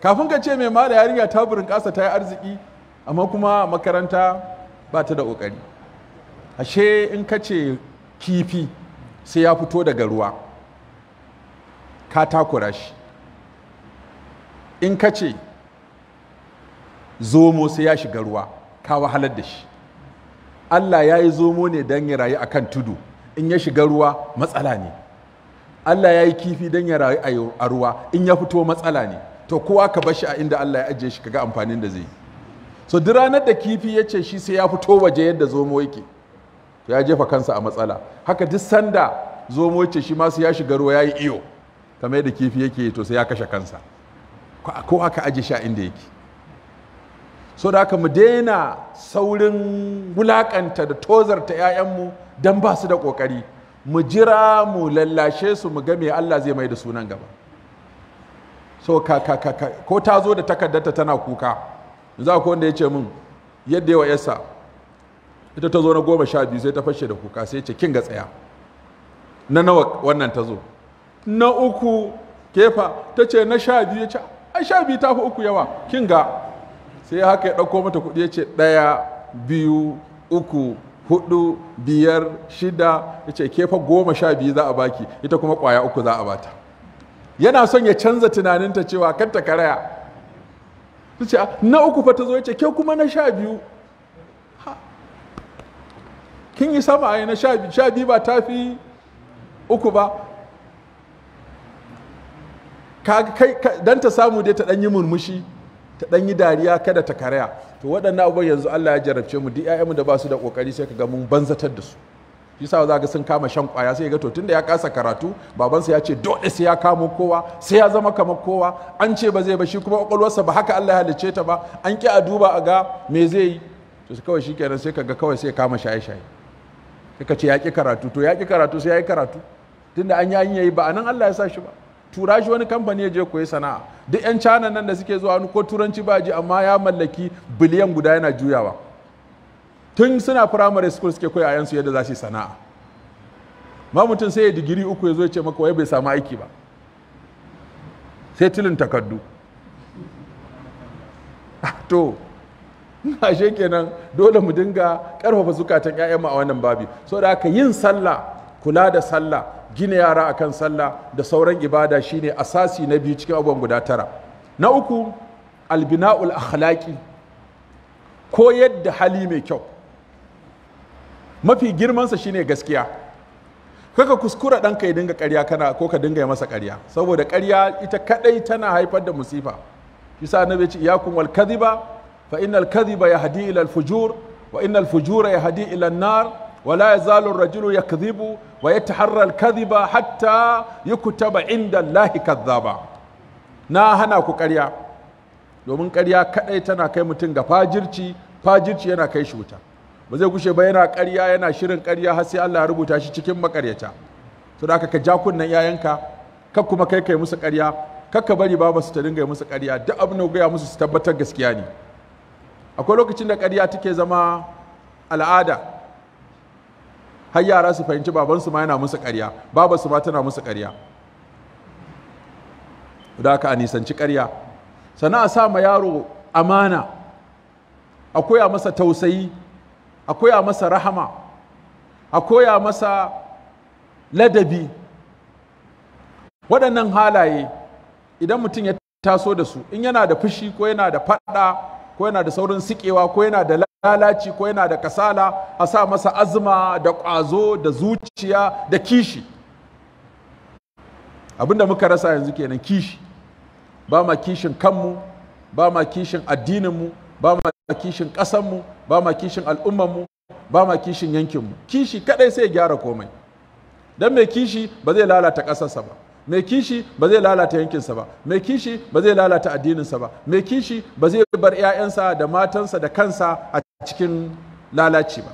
kafin ka ce mai ma da yarinya ta burin kasa ta yi arziki amma kuma makaranta ba ta da ƙoƙari ashe in ka ce kifi sai ya fito daga ruwa ka takura shi in ka ce zomo sai ya shiga ruwa ka wahalar da shi allah ya yi zomo ne don ya rayu akan tudu in ya shiga ruwa matsala ne Allah ya yi kifi don ya rayu a ruwa in ya fito matsala ne to kowa ka bashi a inda Allah ya ajiye shi kaga amfanin da zai so duk ranar da kifi ya ce shi sai ya fito waje yadda zomo yake to ya jefa kansa a matsala haka duk sanda zomo ce shi ma sai ya shiga ruwa ya yi iyo kamar yadda kifi yake to sai ya kashe kansa Kowa ka aje shi a inda yake so da aka mu daina saurin wulakanta da tozarta 'ya'yanmu don ba su da ƙoƙari mu jira mu lallashe su mu ga me Allah zai mai da sunan gaba so ka ka ka ko ta zo da takardarta tana kuka za ku wanda ya ce min yadda yawa yasa ita ta zo na goma sha biyu sai ta fashe da kuka sai ce kin ga tsaya na nawa wannan ta zo na uku kefa ta ce na sha biyu ya ce ai sha biyu ta fi uku yawa kin ga sai haka ya ɗauko mata kuɗi ya ce ɗaya biyu uku hudu biyar shida ya ce kefa goma sha biyu za a baki ita kuma ƙwaya uku za a bata yana son ya canza tunaninta cewa kan ta karaya ta ce na uku fa ta zo ya ce ke kuma na sha biyu kin yi sama ai na sha biyu ba ta fi uku ba dan ta samu dai ta ɗan yi murmushi ta ɗan yi dariya kada ta karaya to waɗannan abubuwan yanzu Allah ya jarabce mu duk ƴaƴanmu da ba su da ƙoƙari sai ka ga mun banzatar da su shi sa za ga sun kama shan kwaya sai ga to tunda ya kasa karatu babansa ya ce dole sai ya kamo kowa sai ya zama kamar kowa an ce ba zai ba shi kuma kwakwalwarsa ba haka Allah ya halicce ta ba an ki a duba a ga me zai yi to kawai shikenan sai kaga kawai sai kama shaye shaye sai ka ce ya ki karatu to ya ki karatu sai ya yi karatu tunda an yi yayi ba anan Allah ya sa shi ba tura shi wani kamfani ya je koyi sana'a duk yan canan nan da suke zuwa wani ko turanci ba ji amma ya mallaki biliyan guda yana juyawa tun suna primary school suke koya a yansu yadda za su yi sana'a ma mutum sai ya digiri uku ya zo ya ce maka wai bai samu aiki ba sai tilin takardu ah, to ashe kenan dole mu dinga karfafa zukatan 'ya'yanmu a wannan babi so da haka yin sallah kula da sallah gina yara akan sallah da sauran ibada shine asasi na biyu cikin abubuwan guda tara na uku albina'ul akhlaqi ko yadda hali mai kyau mafi girmansa shine gaskiya kaka kuskura ɗanka ya dinga ƙarya kana ko ka dinga masa ƙarya saboda ƙarya ita kadai tana haifar da musifa Kisa annabi ce iyakum wal kadhiba fa innal kadhiba yahdi ila al fujur wa innal fujura yahdi ila an nar wa la yazalu ar-rajulu yakdhibu wa ya taharrar ba hatta yi yukutaba inda Allahi ba. na hana ku ƙarya domin ƙarya kaɗai tana kai mutum ga fajirci fajirci yana kai shi wuta ba zai gushe ba yana ƙarya yana shirin ƙarya har sai Allah ya rubuta shi cikin makaryata to da aka ka ja kunnan yayanka ka kuma kai kai musu ƙarya ka bari ba su ta dinga musu ƙarya duk abin da gaya musu su tabbatar gaskiya ne akwai lokacin da ƙarya take zama al'ada har yara su fahimci babansu ma yana musu ƙarya babansu ma tana musu ƙarya da aka a nisanci ƙarya a sa ma yaro amana a koya masa tausayi a koya masa rahama a koya masa ladabi waɗannan halaye idan mutum ya taso da su in yana da fushi ko yana da faɗa ko yana da saurin sikewa ko yana da lalaci ko yana da kasala a sa masa azma da ƙwazo da zuciya da kishi abinda muka rasa yanzu kenan kishi ba ma kishin kanmu ba ma kishin addininmu ba ma kishin ƙasanmu ba ma kishin al'ummanmu ba ma kishin yankinmu kishi kadai sai ya gyara komai don mai kishi ba zai lalata ƙasarsa ba mai kishi ba zai lalata yankinsa ba mai kishi ba zai lalata addininsa ba mai kishi ba zai bar 'ya'yansa da matansa da kansa a cikin lalaci ba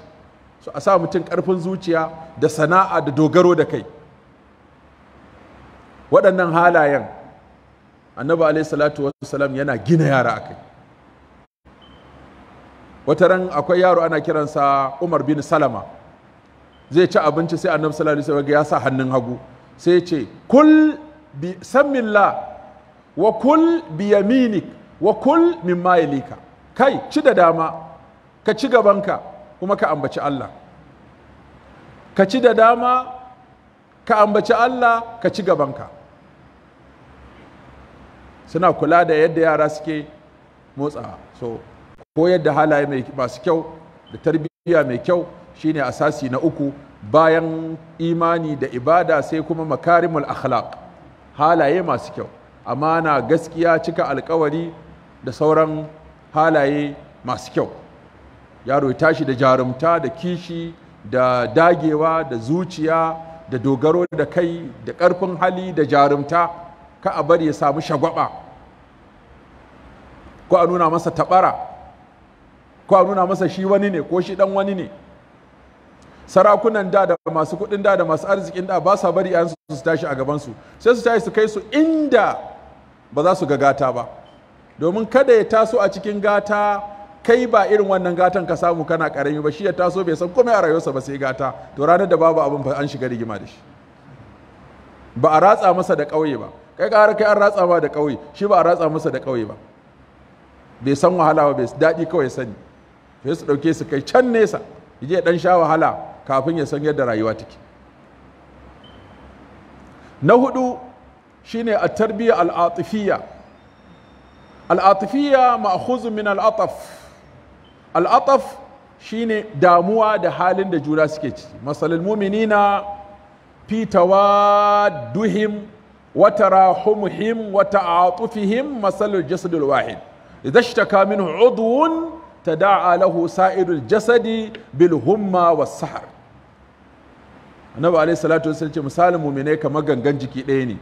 so a sa mutum karfin zuciya da sana'a da dogaro da kai waɗannan halayen annabi alai salatu wassalam yana gina yara a kai wata ran akwai yaro ana kiransa umar bin salama zai ci abinci sai annabi salatu wasu wasallam ya sa hannun hagu sai ce kul bi sammillah wa kul bi yaminik wa kul mimma kai ci da dama ka ci gabanka kuma ka ambaci Allah ka ci da dama ka ambaci Allah ka ci gabanka suna kula da yadda yara suke motsa. so ko yadda halaye masu kyau da tarbiyya mai kyau shine asasi na uku bayan imani da ibada sai kuma makarimul akhlaq halaye masu kyau na gaskiya cika alkawari da sauran halaye masu kyau yaro ya tashi da jarumta da kishi da dagewa da zuciya da dogaro da kai da ƙarfin hali da jarumta ka a bari ya samu shagwaba ko a nuna masa tabara ko a nuna masa shi wani ne ko shi dan wani ne sarakunan da da masu kuɗin da da masu arzikin da ba sa bari yansu su tashi a gabansu sai su tashi su kai su inda ba za su ga gata ba domin kada ya taso a cikin gata kai ba irin wannan gatan ka samu kana karami ba shi ya taso bai san komai a rayuwarsa ba sai gata to ranar da babu abin an shiga rigima da shi ba a ratsa masa da ƙauye ba kai ƙara kai an ratsa ba da ƙauye shi ba a ratsa masa da ƙauye ba bai san wahala ba bai daɗi kawai sani sai su ɗauke su kai can nesa ya je ɗan sha wahala kafin ya san yadda rayuwa take na hudu shine a tarbiyya al'atifiyya al'atifiyya ma'khuzun min al'ataf al'ataf shine damuwa da halin da juna suke ciki masalul mu'minina fi tawadduhim wa tarahumhim wa ta'atufihim masalul jasadul wahid idza ishtaka minhu udwun tada'a lahu sa'irul jasadi bil humma was sahar annabi alaihi salatu wasallam ce misalin mu'minai kamar gangan jiki ɗaya ne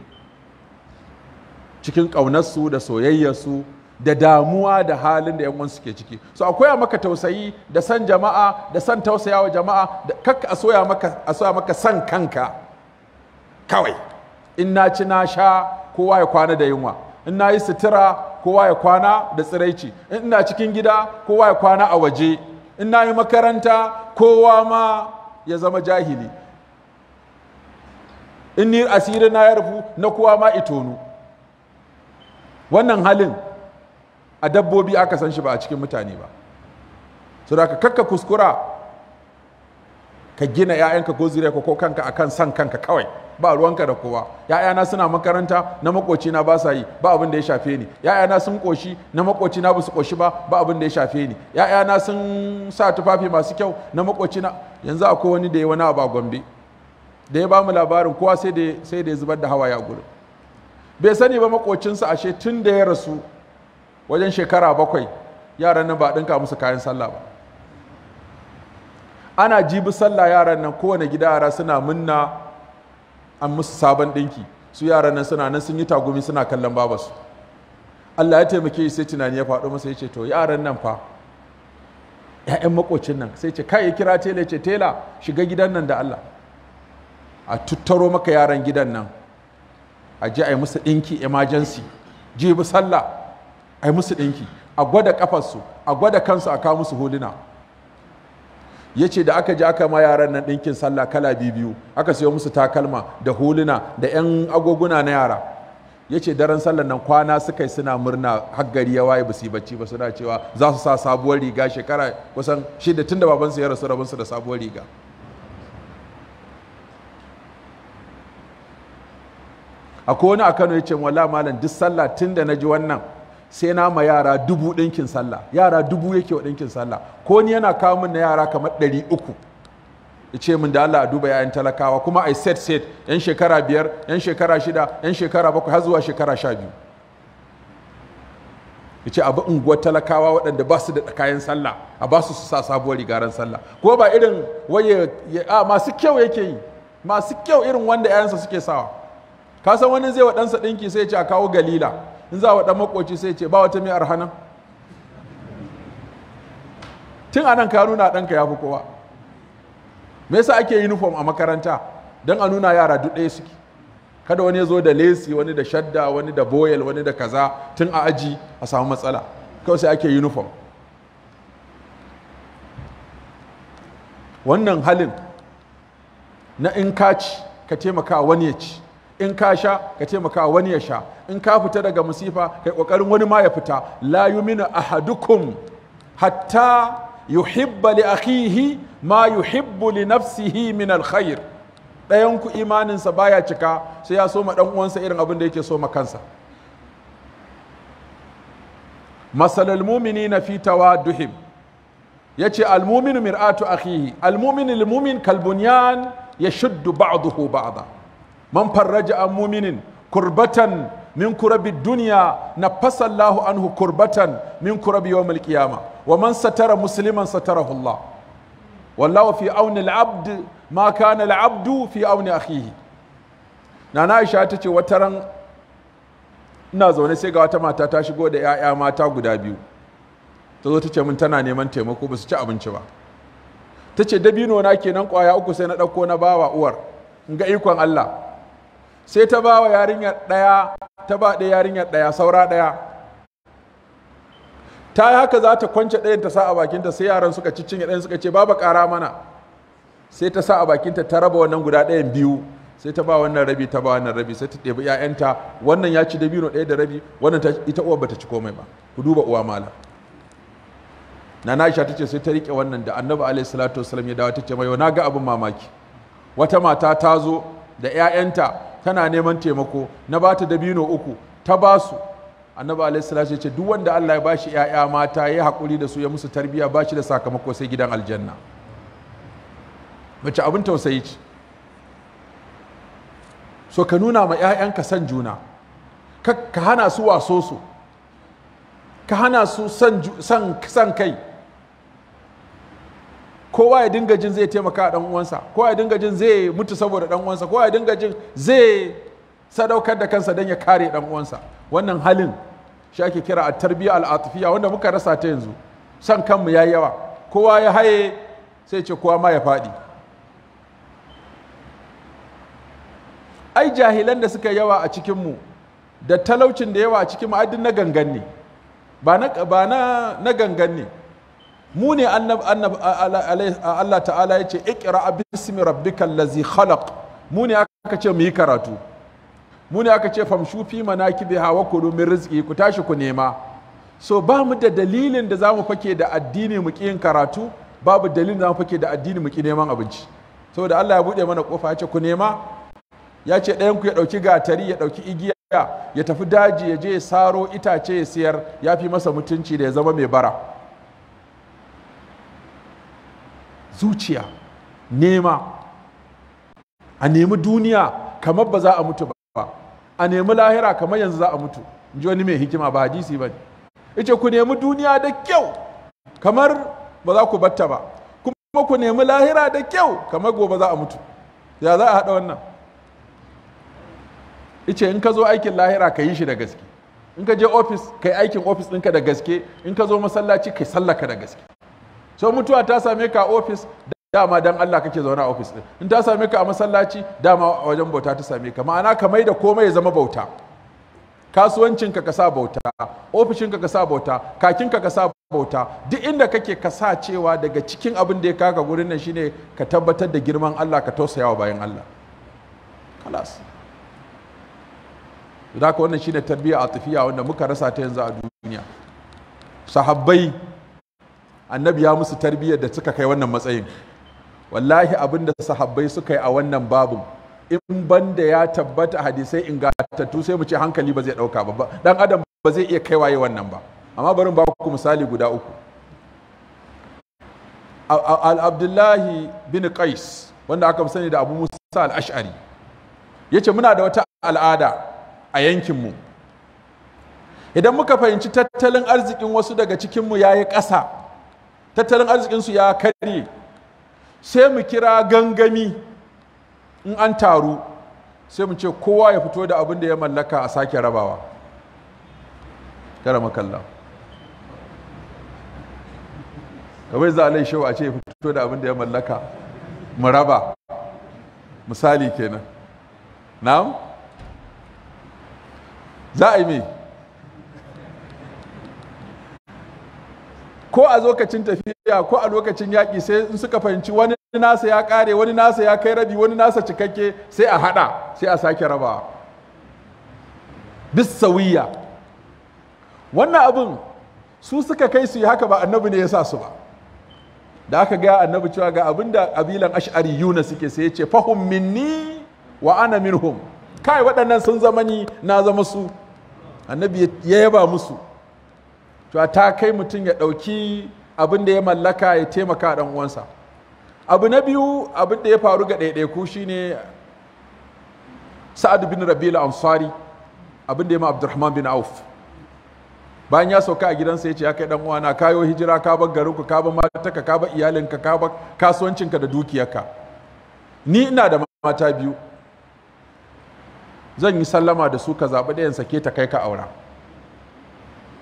cikin ƙaunarsu da soyayyarsu da damuwa da halin da yan'uwansu uwansu ke ciki so akwai a maka tausayi da san jama'a da san tausayawa jama'a da kakka a soya maka a soya maka san kanka kawai in na ci na sha kowa ya kwana da yunwa in na yi sutura kowa ya kwana da tsiraici in ina cikin gida kowa ya kwana a waje in na yi makaranta kowa ma ya zama jahili In ni asiri na ya rufu na kuwa ma itonu wannan halin a dabbobi aka san shi ba a cikin mutane ba su da kakka kuskura ka gina 'ya'yanka ko zuriya ko kanka akan san kanka kawai ba ruwanka da kowa ya'yana suna makaranta na na ba sa yi ba abin da ya shafe ni ya'yana sun koshi na makoci ba su koshi ba ba abin da ya shafe ni ya'yana sun sa tufafi masu kyau na na yanzu akwai wani da ya wani abu a gombe da ya ba mu labarin kowa sai da ya zubar da hawa ya gudu. bai sani ba makocinsa ashe tun da ya rasu wajen shekara bakwai yaran nan ba dinka musu kayan sallah ba ana jibi sallah yaran nan kowane gida yara suna munna an musu sabon ɗinki, su yaran nan suna nan sun yi tagumi suna kallon babasu Allah ya taimake sai tunani ya faɗo masa ya ce to yaran nan fa ‘ya'yan makocin nan sai ce kai ya kira tela ya ce tela shiga gidan nan da Allah a tuttaro maka yaran gidan nan a ji a yi musu ɗinki emergency ji bi sallah a yi musu ɗinki a gwada ƙafarsu, a gwada kansu a kawo musu huluna ya ce da aka ji aka ma yaran nan ɗinkin sallah kala biyu aka siyo musu takalma da huluna da 'yan agoguna na yara ya ce daren sallar nan kwana suka yi suna murna haggari ya waye su yi bacci ba suna cewa za su sa sabuwar riga shekara kusan shida tun da babansu ya rasu rabinsu da sabuwar riga akwai wani a Kano ya ce wala malam duk sallah tun da na ji wannan sai na ma yara dubu ɗinkin sallah yara dubu yake wa ɗinkin sallah ko ni yana kawo min na yara kamar ɗari uku ce min da Allah a duba yayan talakawa kuma ai set set yan shekara biyar yan shekara shida yan shekara bakwai har zuwa shekara sha biyu yace a bi unguwar talakawa waɗanda ba su da kayan sallah a ba su su sa sabuwar rigaran sallah ko ba irin waye a masu kyau yake yi masu kyau irin wanda yayansa suke sawa ka san wani zai wa ɗansa ɗinki sai ce a kawo galila in za wa ɗan makoci sai ce ba wata mai arhanan tun anan ka nuna ɗanka ya fi kowa me yasa ake uniform a makaranta don a nuna yara duk ɗaya suke kada wani ya zo da lesi wani da shadda wani da boyel wani da kaza tun a aji a samu matsala kawai sai ake uniform wannan halin na in ka ka taimaka wani ya ci in ka sha ka taimaka wani ya sha in ka fita daga musifa kai kokarin wani ma ya fita la yuminu ahadukum hatta yuhibba li akhihi ma yuhibbu li nafsihi min alkhair dayan ku imaninsa baya cika sai ya soma ɗan dan uwansa irin abin da yake so ma kansa masalal mu'minina fi tawadduhim yace almuminu mir'atu akhihi almuminu almumin kalbunyan yashuddu ba'dahu ba'dahu man an muminin kurbatan min kurabi duniya na fasallahu anhu kurbatan min kurabi yawmil qiyama wa man satara musliman satarahu Allah wallahu fi auni al-abd ma abdu fi auni akhihi nana Aisha ta ce wata ran ina zaune sai ga wata mata ta shigo da 'ya'ya mata guda biyu ta zo ta ce min tana neman taimako ba su ci abinci ba ta ce dabino na kenan kwaya uku sai na ɗauko na bawa uwar in ikon Allah sai ta ba wa yarinyar ɗaya ta ba ɗaya yarinyar ɗaya saura ɗaya ta yi haka za ta kwance ɗayan ta sa a bakinta sai yaran suka ci cinye ɗayan suka ce babu ƙara mana sai ta sa a bakinta ta raba wannan guda ɗayan biyu sai ta ba wannan rabi ta ba wannan rabi sai ta ɗebi 'ya'yanta wannan ya ci dabino ɗaya da rabi wannan ita uwa bata ci komai ba ku duba uwa mala na Aisha tace sai ta rike wannan da Annabi alaihi salatu wasallam ya dawo tace mai na ga abin mamaki wata mata ta zo da 'ya'yanta tana neman taimako na ba ta dabino uku ta ba su annabi alaihi salatu ce duk wanda Allah ya shi ƴaƴa mata ya haƙuri da su ya musu tarbiyya shi da sakamako sai gidan aljanna mace abin tausayi ce so ka nuna ma ƴaƴanka san juna ka hana su waso su ka hana su san kai kowa ya dinga jin zai taimaka dan uwansa kowa ya dinga jin zai mutu saboda dan uwansa kowa ya dinga jin zai sadaukar da kansa don ya kare dan uwansa wannan halin shi ake kira a tarbiya al'atifiya wanda muka rasa ta yanzu san kanmu ya yawa kowa ya haye sai ce kowa ma ya faɗi ai jahilan da suka yawa a cikinmu da talaucin da yawa a cikinmu adin na gangan ne ba na gangan ne mu ne Allah ta'ala ya ce ikira bismi rabbikal lazi khalaq mu ne aka ce mu yi karatu mu ne aka ce famshu fi manakibiha hawa ku domin rizki? ku tashi ku nema so ba mu da dalilin da zamu fake da addini mu yin karatu babu dalilin da mu fake da addini mu ki neman abinci saboda Allah ya buɗe mana kofa ya ce ku nema ya ce ɗayan ku ya ɗauki gatari ya ɗauki igiya ya tafi daji ya je ya saro itace ya siyar ya fi masa mutunci da ya zama mai bara zuciya nema a nemi duniya kamar ba za a mutu ba a nemi lahira kamar yanzu za a mutu in ji wani mai hikima ba hadisi ba ne ku nemi duniya da kyau kamar ba za ku batta ba kuma ku nemi lahira da kyau kamar gobe za a mutu ya za a haɗa wannan ice in ka zo aikin lahira ka yi shi da gaske in ka je ofis ka yi aikin ofis ɗinka da gaske in ka zo masallaci ka sallaka da gaske so mutuwa ta same ka a ofis dama dan Allah kake zaune a ofis din in ta same ka a masallaci dama a wajen bauta ta same ka ma'ana ka mai da komai ya zama bauta kasuwancinka ka sa bauta ofishinka ka sa bauta kakinka ka sa bauta duk inda kake ka sa cewa daga cikin abin da ya kaka gurin nan shine ka tabbatar da girman Allah ka tausaya wa bayan Allah kalas da haka wannan shine tarbiyya atifiya wanda muka rasa ta yanzu a duniya sahabbai annabi ya musu tarbiyyar da suka kai wannan matsayin wallahi abinda sahabbai suka yi a wannan babin in banda ya tabbata hadisai ingantattu sai mu ce hankali ba zai dauka ba dan adam ba zai iya kai waye wannan ba amma bari ba ku misali guda uku al-abdullahi bin qais wanda aka sani da abu musa al-ash'ari yace muna da wata al'ada a yankin mu. idan muka fahimci tattalin arzikin wasu daga cikin mu yayi ƙasa tattalin arzikinsu ya karye sai mu kira gangami in an taru sai mu ce kowa ya fito da abin da ya mallaka a sake rabawa karama kalla kawai za a lai shewa a ce ya fito da abin da ya mallaka mu raba misali kenan na'am za a yi mai ko a lokacin tafiya ko a lokacin yaƙi sai in suka fahimci wani nasa ya ƙare wani nasa ya kai rabi wani nasa cikakke sai a haɗa sai a sake rabawa bisawiya wannan abin su suka kai su yi haka ba annabi ne ya sa su ba da aka ga annabi cewa ga abin da abilan ash'ari yuna suke sai ya ce fahum minni wa ana minhum kai waɗannan sun zama ni na zama su annabi ya yaba musu to ta kai mutum ya ɗauki abin da ya mallaka ya taimaka ɗan uwansa abu na biyu abin da ya faru ga ɗaiɗaiku shine sa'ad bin rabila ansari abin da ya ma abdurrahman bin auf bayan ya sauka a gidansa ya ce ya kai dan uwana kayo hijira ka bar garinku ka bar matarka ka bar iyalinka ka bar kasuwancinka da dukiyarka ni ina da mata biyu zan yi sallama da su ka zaɓi ɗayan sake ta kai ka aura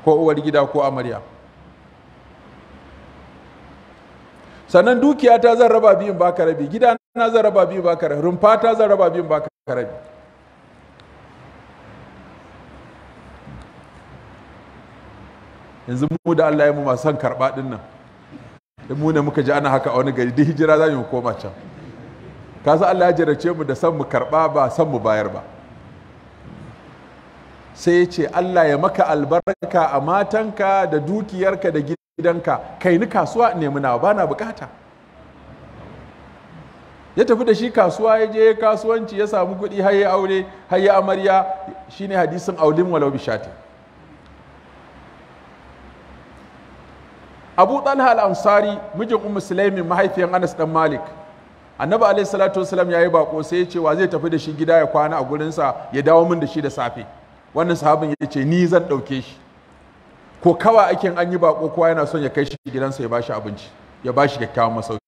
ko uwar gida ko amarya sannan dukiya ta zan raba biyun baka rabi gida na zan raba biyun baka rabi rumfa ta zan raba biyun baka rabi yanzu mu da Allah ya mu masu son karɓa ɗin nan da mu ne muka ji ana haka a wani gari duk hijira za mu koma can ka san Allah ya jarace mu da san mu karɓa ba san mu bayar ba sai ya ce Allah ya maka albarka a matanka da dukiyarka da gidanka kai ni kasuwa ne muna ba na bukata ya tafi da shi kasuwa ya je kasuwanci ya samu kuɗi har ya aure har ya amarya shine hadisin aulin walau bishati Abu Talha al-Ansari mijin Ummu Sulaimin mahaifiyar Anas dan Malik Annabi alaihi salatu wasallam yayi bako sai ya ce wa zai tafi da shi gida ya kwana a gurinsa ya dawo min da shi da safe wannan sahabin ya ce ni zan ɗauke shi ko kawa ake an yi bako kowa yana son ya kai shi gidansa ya shi abinci ya shi kyakkyawan masauki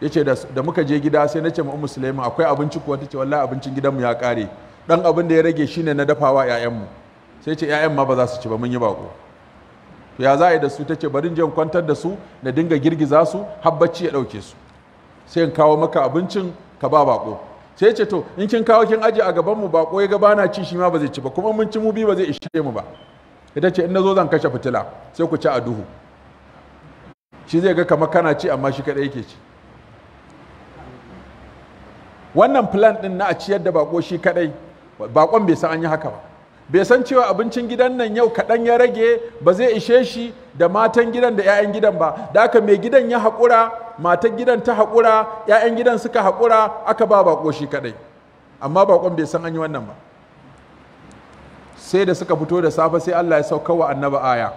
ya ce da muka je gida sai na ce ma musulmi akwai abinci kuwa ta ce wallahi abincin gidanmu ya kare Ɗan abin da ya rage shi ne na dafawa 'ya'yanmu sai ce 'ya'yan ma ba za su ci ba mun yi bako to ya za a yi da su ta ce bari je kwantar da su na dinga girgiza su habbaci ya ɗauke su sai in kawo maka abincin ka ba bako sai ce to in kin kawo kin aje a gaban mu ba koyi gaba na ci shi ma ba zai ci ba kuma mun ci mu bi ba zai ishe mu ba ita ce in nazo zan kashe fitila sai ku ci a duhu shi zai ga kamar kana ci amma shi kadai yake ci wannan plan din na a ciyar da bako shi kadai bakon bai san an yi haka ba bai san cewa abincin gidan nan yau kaɗan ya rage ba zai ishe shi da matan gidan da 'ya'yan gidan ba da aka mai gidan ya haƙura matan gidan ta haƙura 'ya'yan gidan suka haƙura aka ba baƙo shi kaɗai amma baƙon bai san an yi wannan ba sai da suka fito da safe sai Allah ya sauka wa annaba aya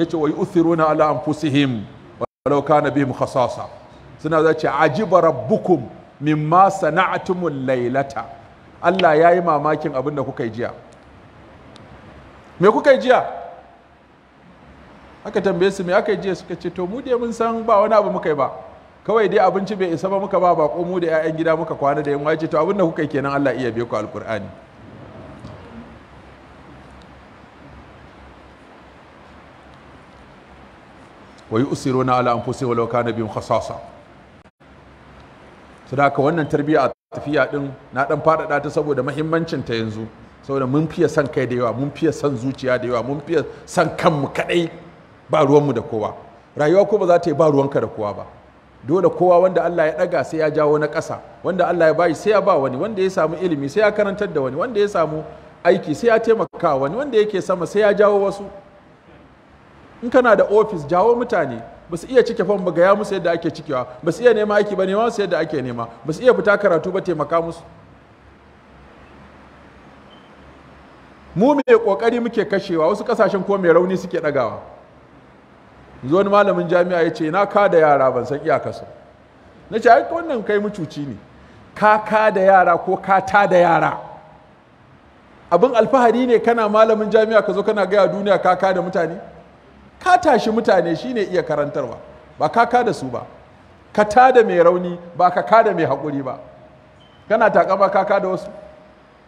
ya ce wai uthiruna ala anfusihim walau kana bihim khasasa suna zace ajiba rabbukum mimma sana'atumul lailata Allah ya yi mamakin abin da kuka yi jiya me kuka yi jiya aka tambaye su me aka jiya suka ce to mu dai mun san ba wani abu muka yi ba kawai dai abinci bai isa ba muka ba bako mu da 'ya'yan gida muka kwana da yanwa ce to abin da kuka yi kenan Allah iya biyo ku alkur'ani usiru na ala anfusi walau kana bihim khasasa sadaka wannan tarbiyya tafiya din na dan faɗaɗa ta saboda mahimmancin ta yanzu saboda mun fiye son kai da yawa mun fiye son zuciya da yawa mun fiye son kanmu kadai ba ruwanmu da kowa rayuwa ko ba za ta yi ba ruwanka da kowa ba dole kowa wanda Allah ya daga sai ya jawo na ƙasa wanda Allah ya bayi sai ya ba wani wanda ya samu ilimi sai ya karantar da wani wanda ya samu aiki sai ya taimaka wani wanda yake sama sai ya jawo wasu in kana da ofis jawo mutane ba su iya cike fom ba ga ya musu yadda ake cikewa ba su iya nema aiki ba nema su yadda ake nema ba su iya fita karatu ba taimaka musu mu mai kokari muke kashewa wasu kasashen ko mai rauni suke dagawa zo ni malamin jami'a ya ce na ka da yara ban san su na ce ai wannan kai mucuci ne ka ka da yara ko ka ta da yara abin alfahari ne kana malamin jami'a ka zo kana gaya duniya ka ka da mutane ka tashi mutane shine iya karantarwa ba ka ka da su ba ka ta da mai rauni ba ka ka da mai haƙuri ba kana takama ka ka da wasu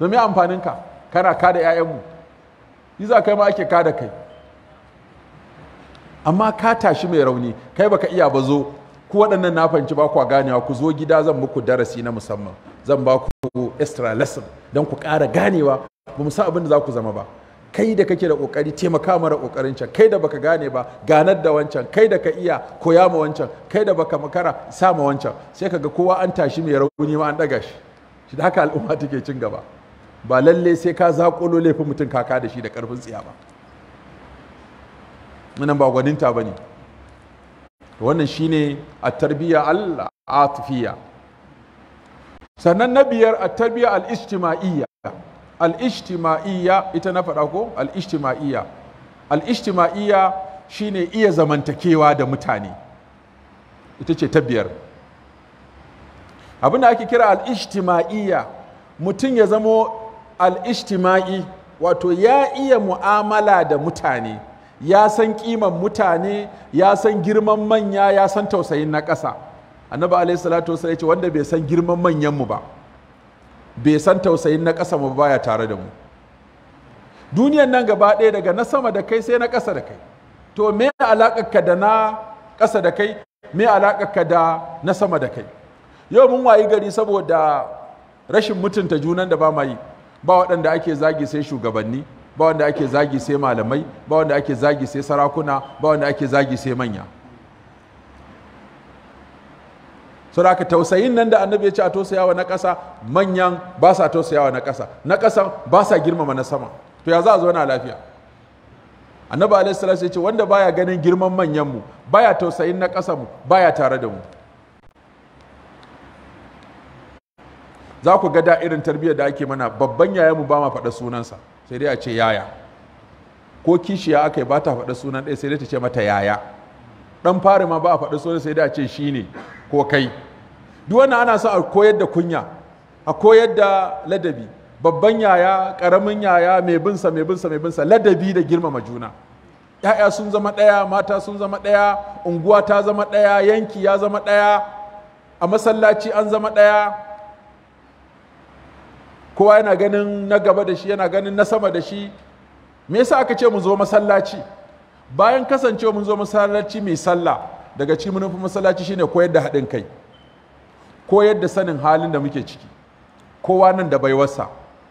domin amfaninka kana kada 'ya'yanmu yi za kai ma ake kada kai amma ka tashi mai rauni kai baka iya ba zo ku waɗannan na fahimci ba kwa ganewa ku zo gida zan muku darasi na musamman zan ba ku extra lesson don ku ƙara ganewa ba mu abin da za ku zama ba kai da kake da ƙoƙari taimaka mara ƙoƙarin can kai da baka gane ba ganar da wancan kai da ka iya koya ma wancan kai da baka makara sa ma wancan sai kaga kowa an tashi mai rauni ma an ɗaga shi shi da haka al'umma take cin gaba ba lalle sai ka ƙolo laifin mutum kaka da shi da ƙarfin tsiya ba nan ba gwaninta ba ne wannan shi ne a tarbiya allah tafiya sannan na biyar a tarbiya al'ishtima'iyya al'ishtima'iyya ita na faɗa ko al'ishtima'iyya al'ishtima'iyya shi ne iya zamantakewa da mutane ita ce ta biyar abin ake kira al'ishtima'iyya mutum ya zamo al wato ya iya mu'amala da mutane ya san kiman mutane ya san girman manya ya san tausayin na ƙasa annabi alaihi salatu wasallam ce wanda bai san girman manyan mu ba bai san tausayin na ƙasa mu baya tare da mu duniyan nan gaba ɗaya daga na sama da kai sai na ƙasa da kai to me alaƙarka da na ƙasa da kai me alaƙarka da na sama da kai yau mun wayi gari saboda rashin mutunta junan da ba ma yi ba waɗanda ake zagi sai shugabanni ba wanda ake zagi sai malamai ba wanda ake zagi sai sarakuna ba wanda ake zagi sai manya saboda tausayin nan da annabi ya ce a tausayawa na ƙasa manyan ba sa tausayawa na ƙasa na ƙasa ba sa girmama na sama to ya za a zo na lafiya annabi alaihi salatu ya ce wanda baya ganin girman manyan mu baya tausayin na ƙasa mu baya tare da mu za ku ga da irin tarbiyyar da ake mana babban yaya mu ba ma faɗa sunansa sai dai a ce yaya ko kishiya aka yi ba ta faɗa sunan ɗaya sai dai ta ce mata yaya ɗan fari ma ba a faɗa sunan sai dai a ce shi ne ko kai duk wannan ana son a koyar da kunya a koyar da ladabi babban yaya ƙaramin yaya mai binsa mai binsa mai binsa ladabi da girmama juna ‘ya'ya sun zama ɗaya mata sun zama ɗaya unguwa ta zama ɗaya yanki ya zama ɗaya a masallaci an zama ɗaya kowa yana ganin na gaba da shi yana ganin na sama da shi me yasa aka ce mu zo masallaci bayan kasancewa mu zo masallaci mai sallah daga cikin manufin masallaci shine koyar da haɗin kai koyar da sanin halin da muke ciki kowa nan da baiwarsa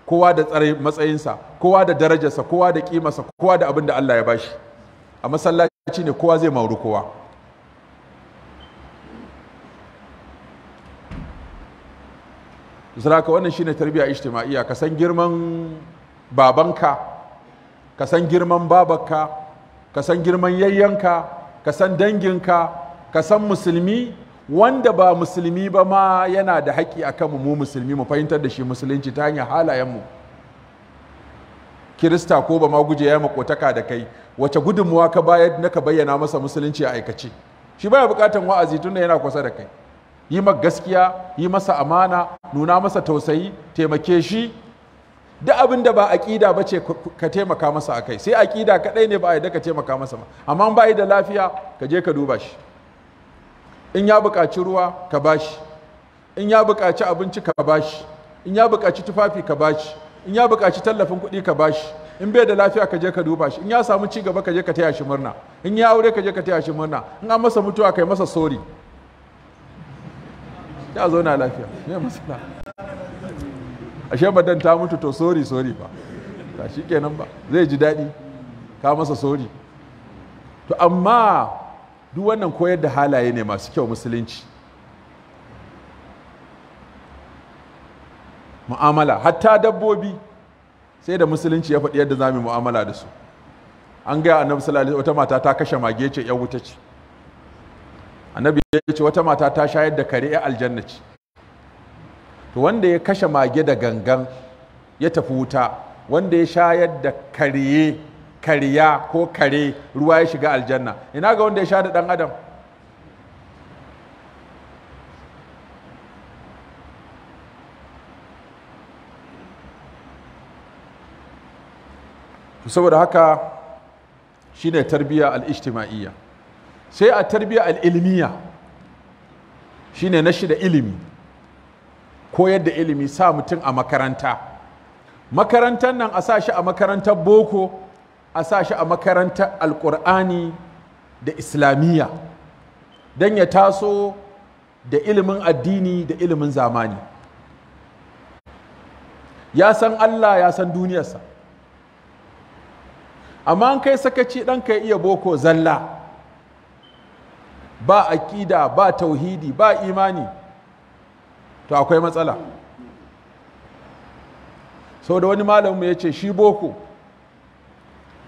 kowa da matsayinsa kowa da darajarsa kowa da kimarsa kowa da abin da Allah ya bashi a masallaci ne kowa zai mauri kowa zaka wannan shine tarbiyya ijtimaiya ka san girman babanka ka san girman babarka ka san girman yayyanka ka san danginka ka san musulmi wanda ba musulmi ba ma yana da haƙƙi a kanmu mu musulmi mu fahimtar da shi musulunci ta hanyar halayenmu kirista ko ba ma guje ya makotaka da kai wace gudunmuwa ka bayar na ka bayyana masa musulunci a aikace shi baya bukatan wa'azi tunda yana kusa da kai yi ma gaskiya yi masa amana nuna masa tausayi taimake shi duk abin da ba aƙida ba ce ka taimaka masa a kai sai aƙida kaɗai ne ba a yadda ka taimaka masa ba amma ba yi da lafiya ka je ka duba shi in ya buƙaci ruwa ka ba shi. in ya buƙaci abinci ka ba shi. in ya buƙaci tufafi ka ba shi. in ya buƙaci tallafin kuɗi ka ba shi. in bai da lafiya ka je ka duba shi in ya samu ci gaba ka je ka taya shi murna in ya aure ka je ka taya shi murna in an masa mutuwa kai masa sori ya zauna lafiya me ashe madan ta mutu to sori sori ba ta shi kenan ba zai ji daɗi ka masa sori to amma duk wannan koyar da halaye ne masu kyau musulunci mu'amala hatta dabbobi sai da musulunci ya faɗi yadda za mu mu'amala da su an gaya annabi sallallahu alaihi wata mata ta kashe mage ce ya wuta ce annabi ya ce wata mata ta shayar da kare ya aljanna ce to wanda ya kashe mage da gangan ya tafi wuta wanda ya shayar da kare kariya ko kare ruwa ya shiga aljanna ina ga wanda ya sha da dan adam saboda haka shine tarbiyya al-ijtima'iyya sai a tarbiyya al'ilmiya shine na shida ilimi koyar da ilimi sa mutum a makaranta makarantar nan a sa shi a makarantar boko a sa shi a makarantar Alƙur'ani da islamiyya don ya taso da ilimin addini da ilimin zamani ya san allah ya san duniyarsa amma an kai sakaci ɗan ka iya boko zalla ba aƙida ba tauhidi ba imani to akwai matsala sau da wani malamu ya ce shi boko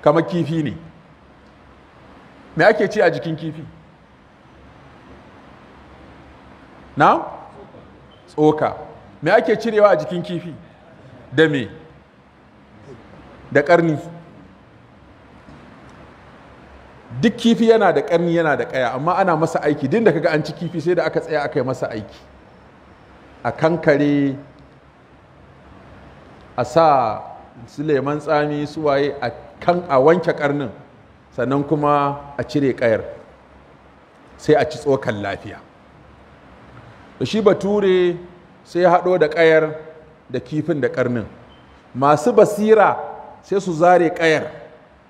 kamar kifi ne me ake ci a jikin kifi na tsoka me ake cirewa a jikin kifi da me da ƙarni duk kifi yana da ƙarni yana da ƙaya amma ana masa aiki din da kaga an ci kifi sai da aka tsaya aka yi masa aiki a kankare a sa su leman tsami su waye a wanke karnin sannan kuma a cire ƙayar sai a ci tsokan lafiya da shi bature sai haɗo da ƙayar da kifin da karnin masu basira sai su zare ƙayar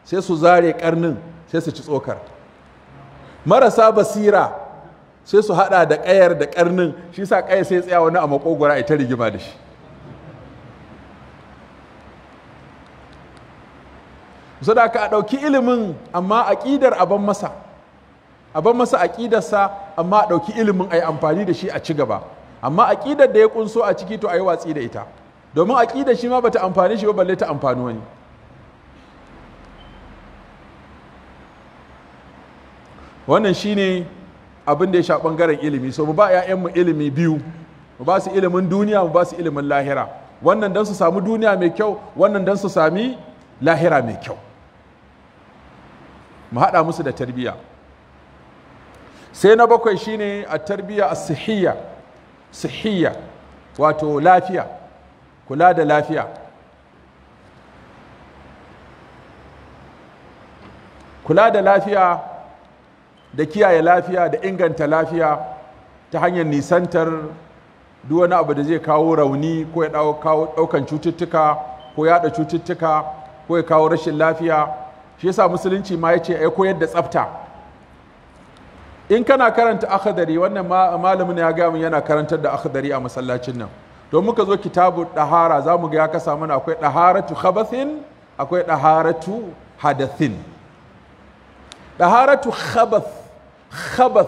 sai su zare karnin sai su ci tsokar marasa basira sai su hada da kayar da karnin shi sa kayar sai tsaya wani a makogora ita rigima da shi Sadaka a ɗauki dauki ilimin amma aqidar aban masa aban masa aqidarsa amma a dauki ilimin a yi amfani da shi a ci gaba amma aqidar da ya kunso a ciki to a yi watsi da ita domin aqidar shi ma bata amfani shi ba balle ta amfani wani wannan shine abin da ya sha bangaren ilimi so mu ba 'ya'yanmu ilimi biyu mu ba su ilimin duniya mu ba su ilimin lahira wannan don su samu duniya mai kyau wannan don su sami lahira mai kyau mu haɗa musu da tarbiyya sai na bakwai shine a tarbiyya a sihiyya sihiyya wato lafiya kula da lafiya kula da lafiya da kiyaye lafiya da inganta lafiya ta hanyar nisantar duk wani abu da zai kawo rauni ko ya kawo ɗaukan cututtuka ko da cututtuka ko ya kawo rashin lafiya shi yasa musulunci ma yace ai koyar da tsafta in kana karanta akhdari wannan malamin ya gaya min yana karantar da akhdari a masallacin nan to muka zo kitabu dahara za mu ga ya kasa mana akwai daharatu khabathin akwai daharatu hadathin daharatu khabath khabath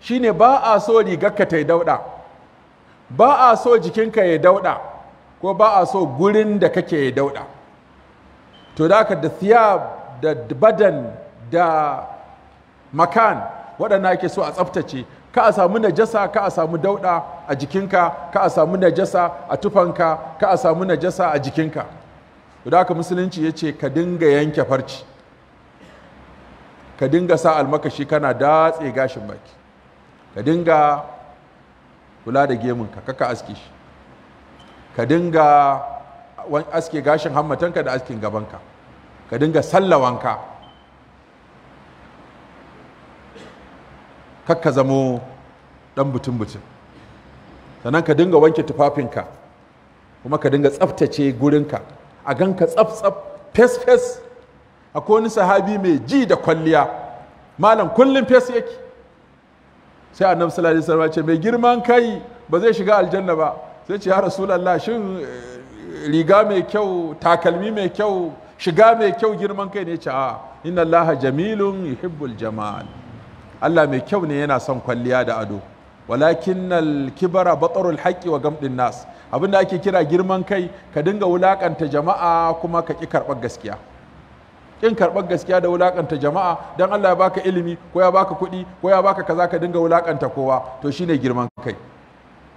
shine ba a so rigarka ta yi dauɗa ba a so jikinka ya dauɗa ko ba a so gurin da kake ya dauɗa to da ka da thiyab da badan da makan waɗanda ake so a tsaftace ka a samu najasa ka a samu dauɗa a jikinka ka a samu najasa a tufanka ka a samu najasa a jikinka To da ka musulunci ya ce ka dinga yanke farci ka dinga sa almakashi kana datse gashin baki ka dinga kula da gemunka kaka aske shi ka dinga aske gashin hammatanka da askin gabanka ka dinga sallawanka kakka zamo dan butun-butun sannan ka dinga wanke tufafinka kuma ka dinga tsaftace gurinka a ganka tsaf-tsaf fes-fes akwai wani sahabi mai ji da kwalliya malam kullum fesa yake sai annabi sallallahu alaihi wasallam ce mai girman kai ba zai shiga aljanna ba sai ce ya rasulullah shin eh, riga mai kyau takalmi mai kyau shiga mai kyau girman kai ne ce a inna allaha jamilun yuhibbul jamal Allah mai kyau ne yana son kwalliya da ado walakin kibara batarul haqqi wa gamdin nas abinda ake kira girman kai ka dinga wulakanta jama'a kuma ka ki karɓar gaskiya kin karɓar gaskiya da wulakanta jama'a don Allah ya baka ilimi ko ya baka kuɗi ko ya baka kaza ka dinga wulakanta kowa to shine girman kai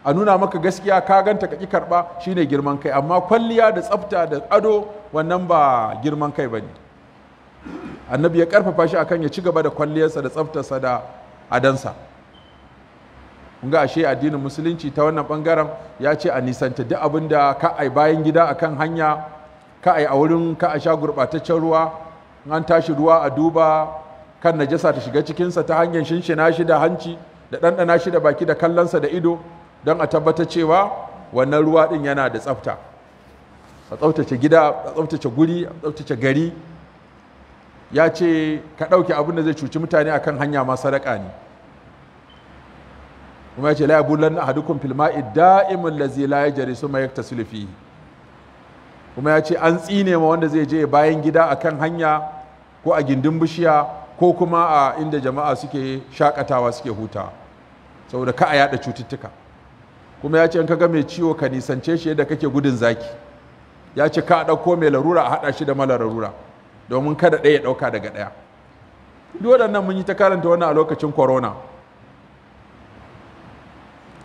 a nuna maka gaskiya ka ganta ka ki karɓa shine girman kai amma kwalliya da tsafta da ado wannan ba girman kai bane annabi ya karfafa shi akan ya ci gaba da kwalliyarsa da tsaftarsa da adansa kun ga ashe addinin musulunci ta wannan bangaren ya ce a nisanta duk abin da ka ai bayan gida akan hanya ka ai a wurin ka a sha gurɓataccen ruwa an tashi ruwa a duba kan najasa ta shiga cikinsa ta hanyar shinshina shi da hanci da ɗanɗana shi da baki da kallonsa da ido don a tabbatar cewa wannan ruwa ɗin yana da tsafta a tsaftace gida a tsaftace guri a tsaftace gari ya ce ka ɗauke abin da zai cuci mutane akan hanya ma sadaka ne kuma ya ce la yabulan ahadukum fil ma'i da'imun lazi la yajri suma yaktasilu fihi kuma ya ce an tsine ma wanda zai je bayan gida a kan hanya ko a gindin bishiya ko kuma a inda jama'a suke shakatawa suke huta saboda ka a yada cututtuka kuma ya ce in kaga mai ciwo ka nisance shi yadda kake gudun zaki ya ce ka ɗauko mai larura a haɗa shi da mala larura domin kada ɗaya ya ɗauka daga ɗaya duk waɗannan mun yi ta karanta wannan a lokacin corona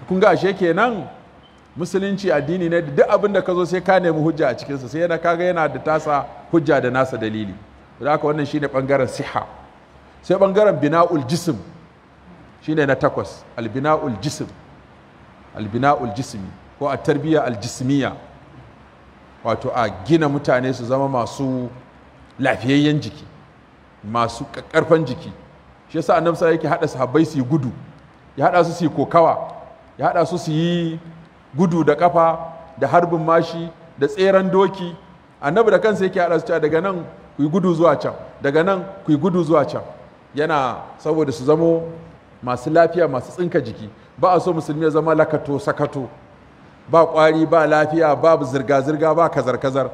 kun ga ashe kenan musulunci addini ne duk abin da ka zo sai ka nemi hujja a cikinsa sai yana kaga yana da tasa hujja da nasa dalili da haka wannan shine bangaren siha sai bangaren bina'ul jism shine na takwas albina'ul jism albina'ul jismi ko a tarbiyya aljismiya wato a gina mutane su zama masu lafiyayyen jiki masu karfan jiki shi yasa annabi yake hada sahabbai su yi gudu ya hada su su yi kokawa ya hada su su yi gudu da kafa da harbin mashi da tseren doki annabi da kansa yake haɗa su cewa daga nan ku yi gudu zuwa can daga nan ku yi gudu zuwa can yana saboda su zamo masu lafiya masu tsinka jiki ba a so musulmi ya zama lakato sakato ba kwari ba lafiya ba zirga-zirga ba kazar-kazar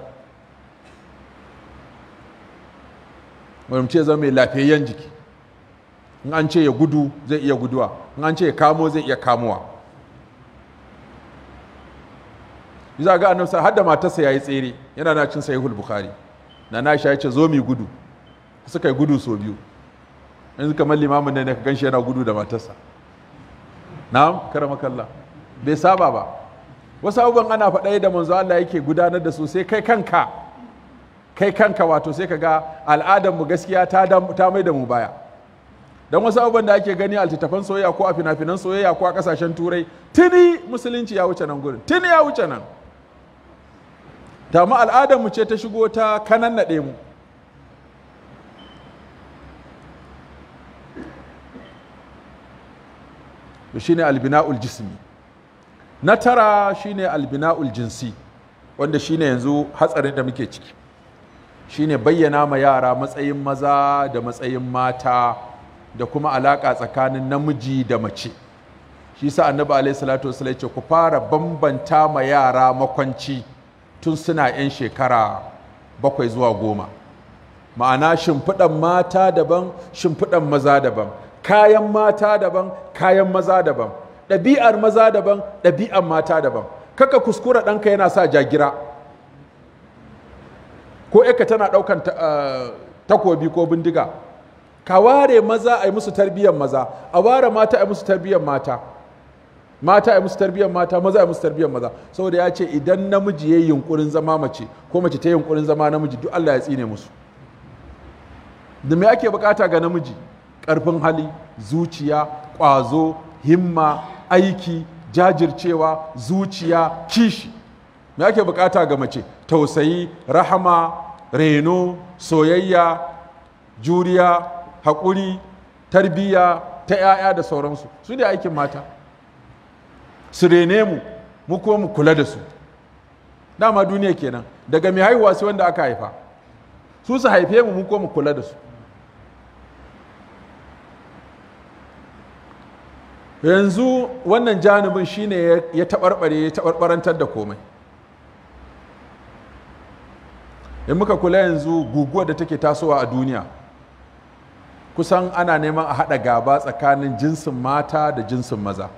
wani ce zama mai lafiyayyen jiki in an ce ya gudu zai iya guduwa in an ce ya kamo zai iya kamowa. za ga annabi har da matarsa yayi tsere yana na cin sahihul bukhari na na ya ce zo mi gudu suka yi gudu so biyu yanzu kamar limamin ne ka ganshi yana gudu da matarsa na'am makalla bai saba ba wasu abubuwan ana faɗa da manzo Allah yake gudanar da su sai kai kanka kai kanka wato sai ka ga al'adar mu gaskiya ta ta mai da mu baya dan wasu abubuwan da ake gani a littattafan soyayya ko a fina-finan soyayya ko a kasashen turai tuni musulunci ya wuce nan gurin tuni ya wuce nan ta mu al'adarmu ce ta shigo ta kanan naɗe mu ne albina'ul jismi na tara shine albina'ul jinsi wanda shi ne yanzu hatsarin da muke ciki Shi ne bayyana ma yara matsayin maza da matsayin mata da kuma alaƙa tsakanin namiji da mace shi sa annabi alaihi salatu wasu ce ku fara bambanta ma yara makwanci tun suna 'yan shekara bakwai zuwa goma ma'ana shimfiɗan mata daban shimfiɗan maza daban kayan mata daban kayan maza daban ɗabi'ar maza daban ɗabi'ar mata daban kaka kuskura ɗanka yana sa jagira ko eka tana ɗaukan eh, takobi ko bindiga ka ware maza a yi musu tarbiyyar maza a ware mata a yi musu tarbiyyar mata mata ya musu tarbiyyar mata maza ya musu tarbiyyar maza saboda ya ce idan namiji ya yi yunkurin zama mace ko mace ta yi yunkurin zama namiji duk Allah ya tsine musu da me ake bukata ga namiji karfin hali zuciya ƙwazo himma aiki jajircewa zuciya kishi me ake bukata ga mace tausayi rahama reno soyayya juriya haƙuri tarbiyya ta 'ya'ya da sauransu su ne aikin mata su rene mu mu kuma mu kula da su dama duniya kenan daga mai haihuwa sai wanda aka haifa su su haife mu mu kuma mu kula da su yanzu wannan janibin shine ya taɓarɓare ya taɓarɓarantar da komai in muka kula yanzu guguwar da take tasowa a duniya kusan ana neman a haɗa gaba tsakanin jinsin mata da jinsin maza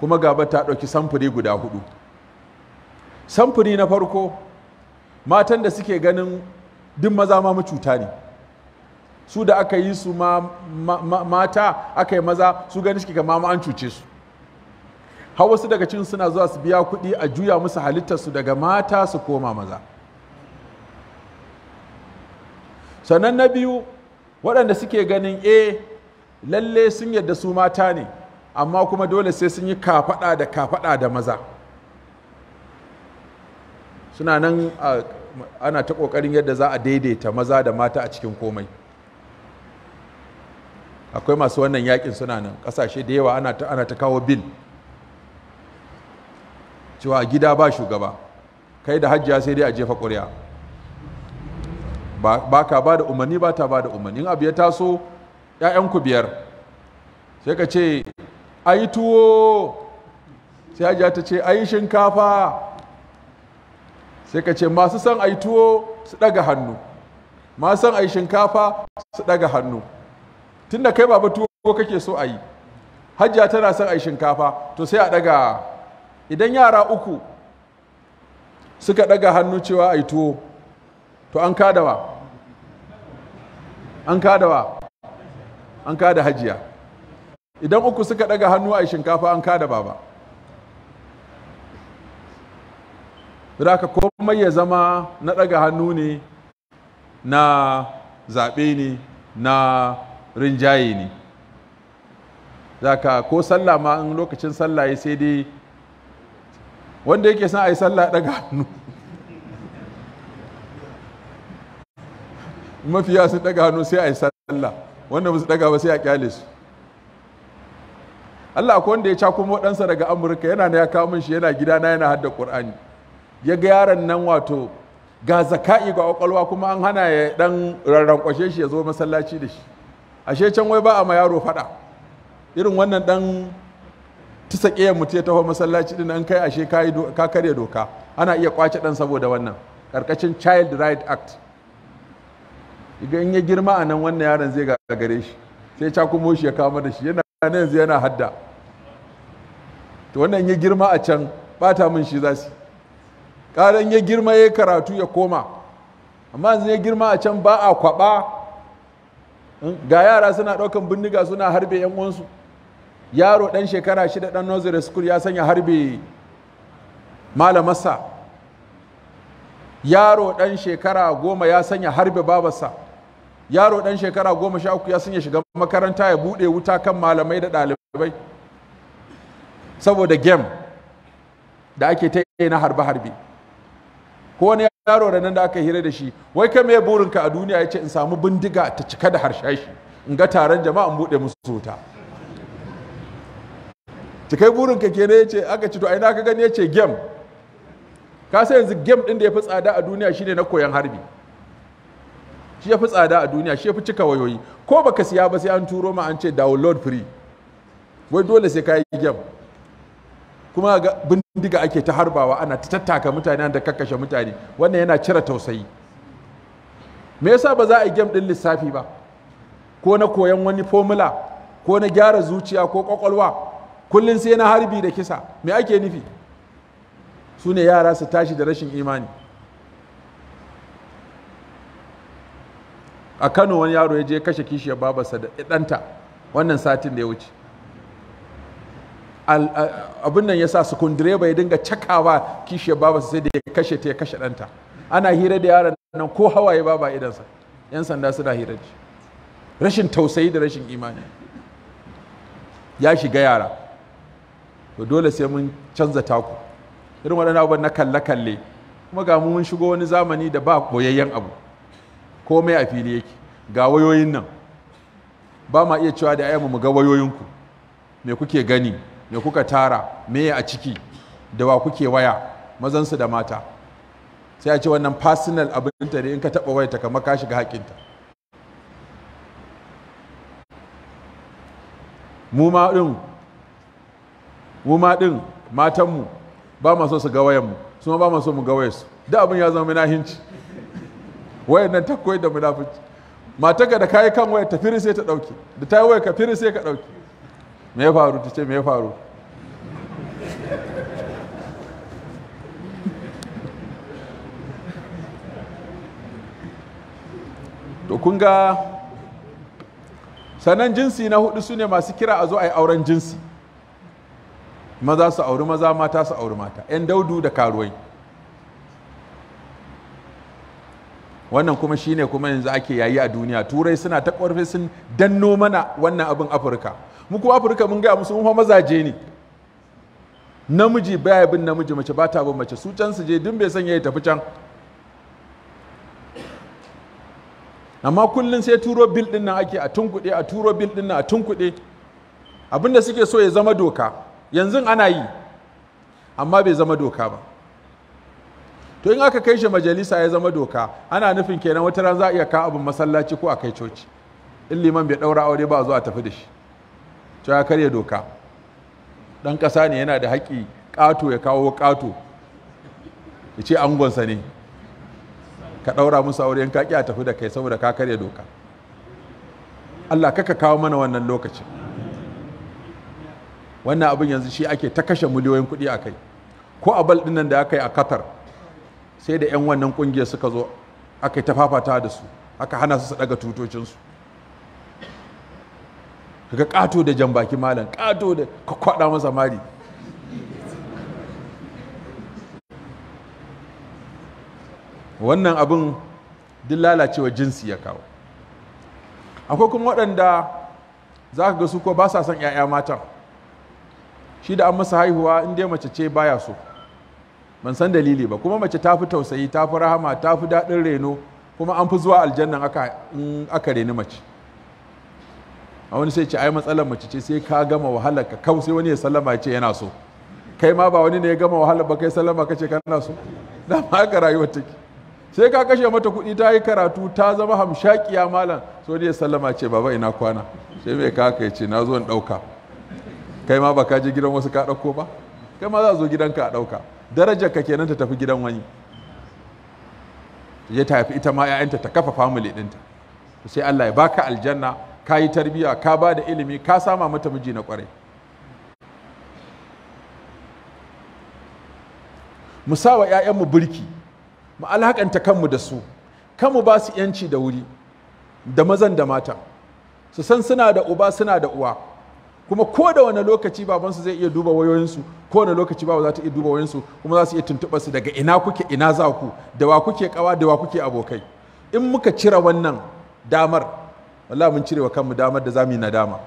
kuma gaba ta ɗauki samfuri guda hudu samfuri na farko matan da suke ganin duk maza ma macuta ne su da aka yi su mata aka yi maza su gani suke kama an cuce su har wasu daga cin suna zuwa su biya kuɗi a juya musu halittarsu daga mata su koma maza sannan na biyu waɗanda suke ganin e lalle sun yadda su mata ne amma kuma dole sai sun yi kafaɗa da kafaɗa da maza suna nan ana ta ƙoƙarin yadda za a daidaita maza da mata a cikin komai akwai masu wannan yakin suna nan ƙasashe da yawa ana ta kawo bil cewa gida ba shugaba kai da hajjiya sai dai a jefa ƙuri'a ba ka ba da umarni ba ta ba da umarni in abu ya taso 'ya'yanku biyar sai ka ce yi tuwo sai hajiya ta ce yi shinkafa sai ka ce masu son yi tuwo su ɗaga hannu masu son yi shinkafa su ɗaga hannu Tun da kai baba tuwo kake so a yi hajiya tana son yi shinkafa to sai a ɗaga idan yara uku suka ɗaga hannu cewa ai tuwo to an kada wa, an kada wa, an kada hajiya idan uku suka daga hannu a shinkafa an kada baba ka komai ya zama na daga hannu ne na zaɓe ne na rinjaye ne zaka ko sallah ma in lokacin sallah ya sai dai wanda yake son a yi sallah daga hannu mafiya sun daga hannu sai a yi sallah wanda ba su daga ba sai a kyale su Allah akwai wanda ya ca kuma waɗansa daga Amurka yana da ya kawo min shi yana gida na yana hadda Qur'ani ya ga yaron nan wato ga zaka'i ga kwakwalwa kuma an hana ya dan rarrankwashe shi ya zo masallaci da shi ashe can wai ba a ma yaro faɗa irin wannan dan tisa ya mutu ya taho masallaci din an kai ashe ka karya doka ana iya kwace dan saboda wannan ƙarƙashin child right act idan ya girma a nan wannan yaron zai gagare shi sai cakumo shi ya kama da shi yana na yanzu yana hadda to wannan ya girma a can bata min shi za su ƙaran ya girma ya karatu ya koma amma yanzu ya girma a can ba a kwaba ga yara suna ɗaukan bindiga suna harbe yan uwansu yaro ɗan shekara shida ɗan nursery school ya sanya harbe malamarsa yaro ɗan shekara goma ya sanya harbe babarsa yaro dan shekara goma sha uku ya sun ya shiga makaranta ya buɗe wuta kan malamai da ɗalibai saboda game da ake ta na harbe-harbe ko wani yaro da nan da aka hira da shi wai ka me burinka a duniya ya ce in samu bindiga ta cika da harshashi in ga taron jama'a in buɗe musu wuta cikai burinka kenan ya ce aka ci to na ka gani ya ce game ka sai yanzu game ɗin da ya fi tsada a duniya shi ne na koyan harbi shi ya fi tsada a duniya shi ya fi cika wayoyi ko baka siya ba sai an turo ma an ce download free wai dole sai ka yi game kuma bindiga ake ta harbawa ana ta tattaka mutane da kakkashe mutane wannan yana cire tausayi me yasa ba za a yi game din lissafi ba ko na koyan wani formula ko na gyara zuciya ko kwakwalwa kullum sai na harbi da kisa me ake nufi su ne yara su tashi da rashin imani a kano wani yaro ya je kashe kishiyar babarsa da ɗanta wannan satin da ya wuce abin nan ya sa direba ya dinga cakawa kishiyar babarsa sai da ya kashe ta ya kashe ɗanta ana hira da yaron nan ko hawaye baba idansa yan sanda suna hira rashin tausayi da rashin imani ya shiga yara to dole sai mun canza taku irin waɗannan abubuwan na kalle-kalle kuma ga mun shigo wani zamani da ba koyayyen abu komai a fili yake ga wayoyin nan ba ma iya cewa da 'ya'yan mu ga wayoyinku me kuke gani me kuka tara me a ciki da wa kuke waya mazansu da mata sai a ce wannan fasinal abinta ne in ka taɓa wayata kama ka shiga haƙinta mu ma ɗin mu ma matanmu ba ma su ga wayanmu su ma ba ma mu ga wayarsu da abin ya zama mai nahinci wayan nan ta koyi da munafici matarka da kayi kan wayar tafiri sai ta dauke da ta yi ka firi sai ka dauke me ya faru ta ce me ya faru to kun ga sanan jinsi na hudu su ne masu kira a zo a yi auren jinsi maza su auri maza mata su auri mata 'yan daudu da karuwai wannan kuma shine kuma yanzu ake yayi a duniya turai suna ta ƙwarfi sun danno mana wannan abin afirka mu kuma afirka mun gaya musu kuma mazaje ne namiji baya bin namiji mace ba ta bin mace su can su je dun bai sanya ya tafi can amma kullum sai turo bil din nan ake a tunkuɗe a turo bil din nan a tunkuɗe abinda suke so ya zama doka yanzu ana yi amma bai zama doka ba to in aka kai shi majalisa ya zama doka ana nufin kenan wata ran za a iya kawo abin masallaci ko a kai coci in liman bai daura aure ba zuwa tafi da shi to ya karya doka dan kasa ne yana da haƙƙi ƙato ya kawo ƙato ya ce angonsa ne ka daura musu aure in ka ƙi a tafi da kai saboda ka karya doka Allah kaka kawo mana wannan lokacin wannan abin yanzu shi ake ta kashe miliyoyin kuɗi a kai ko a bal ɗinnan da aka yi a Qatar sai da 'yan wannan kungiyar suka zo aka yi ta fafata da su aka hana su su daga tutocinsu kaga kato da jan baki malam kato da kwakwada masa mari wannan abin duk lalacewa jinsi ya kawo akwai kuma waɗanda za ka ga su ko ba sa son 'ya'ya matan shi da an masa haihuwa inda dai mace ce baya so ban san dalili ba kuma mace ta fi tausayi ta fi rahama ta fi daɗin reno kuma an fi zuwa aljannan aka in aka reni mace a wani sai ce ai matsalar mace ce sai ka gama wahalar ka kau sai wani ya sallama ya ce yana so kai ma ba wani ne ya gama wahalar ba kai sallama kace kana so da ma haka rayuwar take sai ka kashe mata kuɗi ta yi karatu ta zama hamshakiya malam so wani ya sallama ce baba ina kwana sai mai ka haka ce na zo in ɗauka kai ma ba ka je gidan wasu ka ɗauko ba kai ma za a zo gidanka a ɗauka darajar ka kenan ta tafi gidan wani ya tafi ita ma 'ya'yanta ta kafa family ɗinta sai Allah ya baka aljanna ka yi tarbiyya ka ba da ilimi ka sama mata miji na kwarai mu sa wa 'ya'yanmu birki mu alhakanta kanmu da su kanmu ba su 'yanci da wuri da mazan da mata su san suna da uba suna da uwa kuma ko da wani lokaci babansu zai iya duba wayoyinsu ko wani lokaci ba za ta iya duba wayoyinsu kuma za su iya tuntuɓa su daga ina kuke ina za ku da wa kuke kawa da wa kuke abokai in muka cire wannan damar wala mun cire wa kanmu damar da zamu yi nadama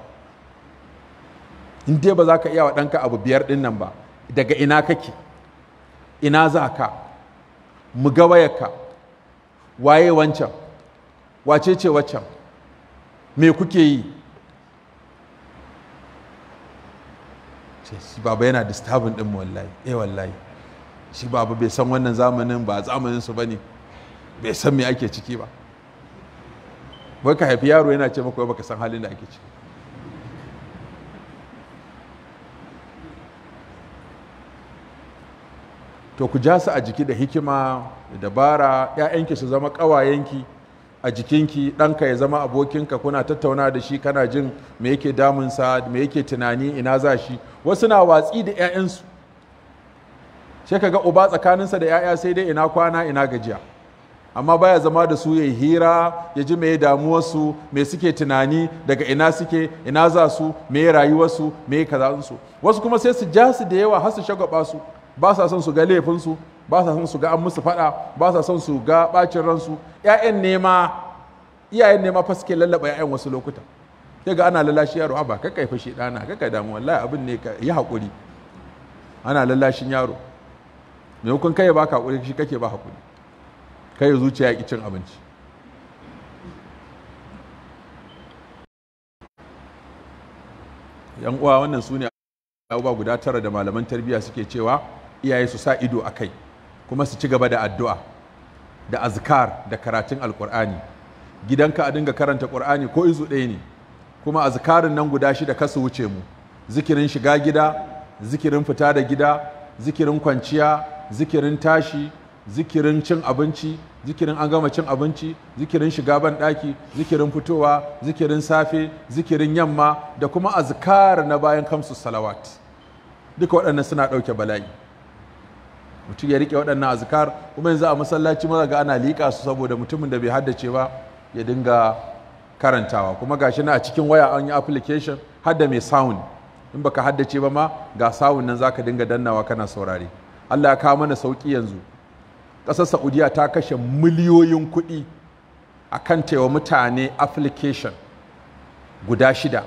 in dai ba za ka iya wa ɗanka abu biyar ɗin nan ba daga ina kake ina za ka mu ga wayarka waye wancan wace ce waccan me kuke yi shi baba yana disturbing din wallahi eh wallahi shi baba bai san wannan zamanin ba zamanin su bane bai san me ake ciki ba wai ka haifi yaro yana ce maka baka san halin da ake ciki to ku ja su a jiki da hikima da dabara 'ya'yanki su zama ƙawayenki a jikinki ɗanka ya zama abokinka kuna tattauna da shi kana jin me yake damunsa me yake tunani ina za shi wasu na watsi da 'ya'yansu sai ka ga uba tsakaninsa da 'ya'ya sai dai ina kwana ina gajiya amma baya zama da su ya hira ya ji me damuwarsu me suke tunani daga ina suke ina za su me rayuwarsu me kaza su wasu kuma sai su ja su da yawa har su shagwaba su ba sa son su ga laifinsu ba sa son su ga an musu fada ba sa son su ga bacin ransu ƴaƴan nema iyayen nema fa suke lallaba ƴaƴan wasu lokuta sai ga ana lallashi yaro ba ka kai fashi dana kai kai damu wallahi abin ne ka yi hakuri ana lallashin yaro maimakon kai ba ka hakuri shi kake ba hakuri kai zuciya ya ki cin abinci yan uwa wannan su ne abubuwa guda tara da malaman tarbiyya suke cewa iyaye su sa ido a kai kuma su ci gaba da addu'a da azkar da karatun alkur'ani gidanka a dinga karanta ƙur'ani ko izu ɗaya ne kuma azkarin nan guda shi shida kasu wuce mu zikirin shiga gida zikirin fita da gida zikirin kwanciya zikirin tashi zikirin cin abinci zikirin an gama cin abinci zikirin shiga ban ɗaki zikirin fitowa zikirin safe zikirin yamma da kuma azkar na bayan kamsu salawat duka waɗannan suna ɗauke bala'i mutum ya rike waɗannan azkar kuma yanzu a masallaci maza ga ana liƙa su saboda mutumin da bai haddace ba ya dinga karantawa kuma gashi na a cikin waya an yi application hadda mai sound in baka haddace ba ma ga sound nan zaka dinga dannawa kana saurare Allah ya kawo mana sauki yanzu ƙasar Saudiya ta kashe miliyoyin kuɗi akan taiwa mutane application guda shida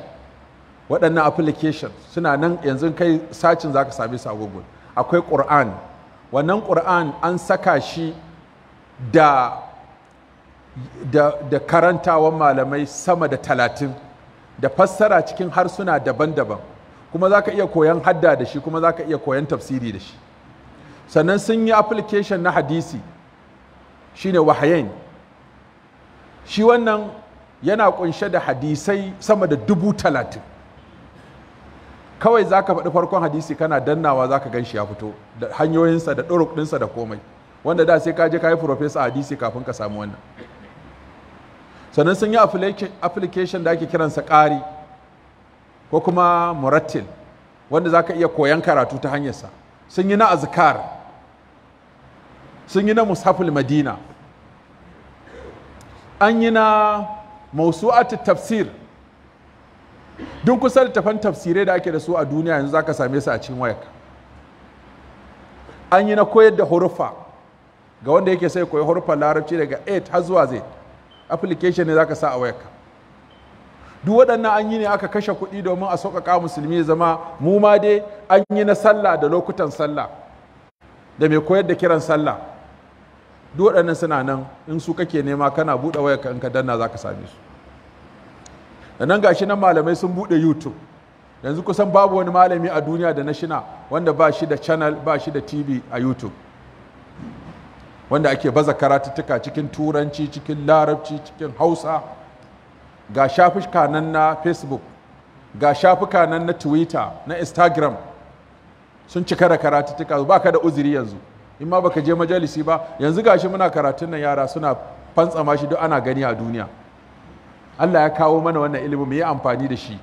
waɗannan application suna nan yanzu kai sacin zaka same su a Google akwai Qur'an wannan ƙur'an an saka shi da da, da karantawan malamai sama da talatin da fassara cikin harsuna daban-daban kuma za ka iya koyan hadda da shi kuma za ka iya koyan tafsiri da shi sannan sun yi application na hadisi shine wahayen shi wannan yana kunshe da hadisai sama da dubu talatin kawai za ka faɗi farkon hadisi kana dannawa za ka gan shi ya fito da hanyoyinsa da ɗuruk ɗinsa da komai wanda da sai ka je ka yi profesa hadisi kafin ka samu wannan sannan sun yi application da ake kiransa ƙari ko kuma murattil wanda za ka iya koyan karatu ta hanyarsa sun yi na azkar sun yi na musafil madina an yi na mausu'atu tafsir duk kusa littafan tafsirai da ake da su a duniya yanzu za ka same su a cikin wayarka an yi na koyar da hurufa ga wanda yake sai koyi hurufan larabci daga 8 har zuwa zai application ne za ka sa a wayarka duk waɗannan an yi ne aka kashe kuɗi domin a sauƙaƙa musulmi zama mu ma dai an yi na sallah da lokutan sallah da mai koyar da kiran sallah duk waɗannan suna nan in su kake nema kana buɗe wayarka in ka danna za ka same su Da nan gashi nan malamai sun bude youtube yanzu kusan babu wani malami a duniya da na shina wanda ba shi da channel ba shi da tv a youtube wanda ake baza karatuttuka cikin turanci cikin larabci cikin hausa ga shafuka nan na facebook ga shafuka nan na twitter na instagram sun cika da karatuttuka ba ka da uzuri yanzu in ma baka je majalisi ba yanzu gashi muna karatun nan yara suna fantsama shi duk ana gani a duniya Allah ya kawo mana wannan ilimi mu yi amfani da shi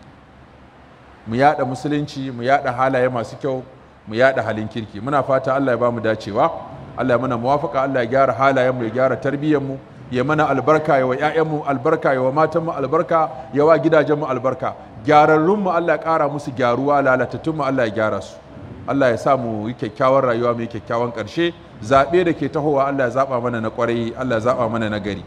mu yada musulunci mu yada halaye masu kyau mu yada halin kirki muna fata Allah ya bamu dacewa Allah ya mana muwafaka Allah ya gyara halayenmu mu ya gyara tarbiyyar mu ya mana albarka ya wa ƴaƴanmu albarka ya wa matanmu albarka ya wa gidajen mu albarka gyararrunmu mu Allah ya ƙara musu gyaruwa lalatattunmu mu Allah ya gyara su Allah ya sa mu yi kyakkyawan rayuwa mu yi kyakkyawan ƙarshe zaɓe da ke tahowa Allah ya zaɓa mana na ƙwarai Allah ya zaɓa mana na gari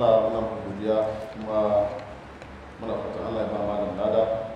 Allah muna godiya kuma muna fatan Allah ya ba malam lada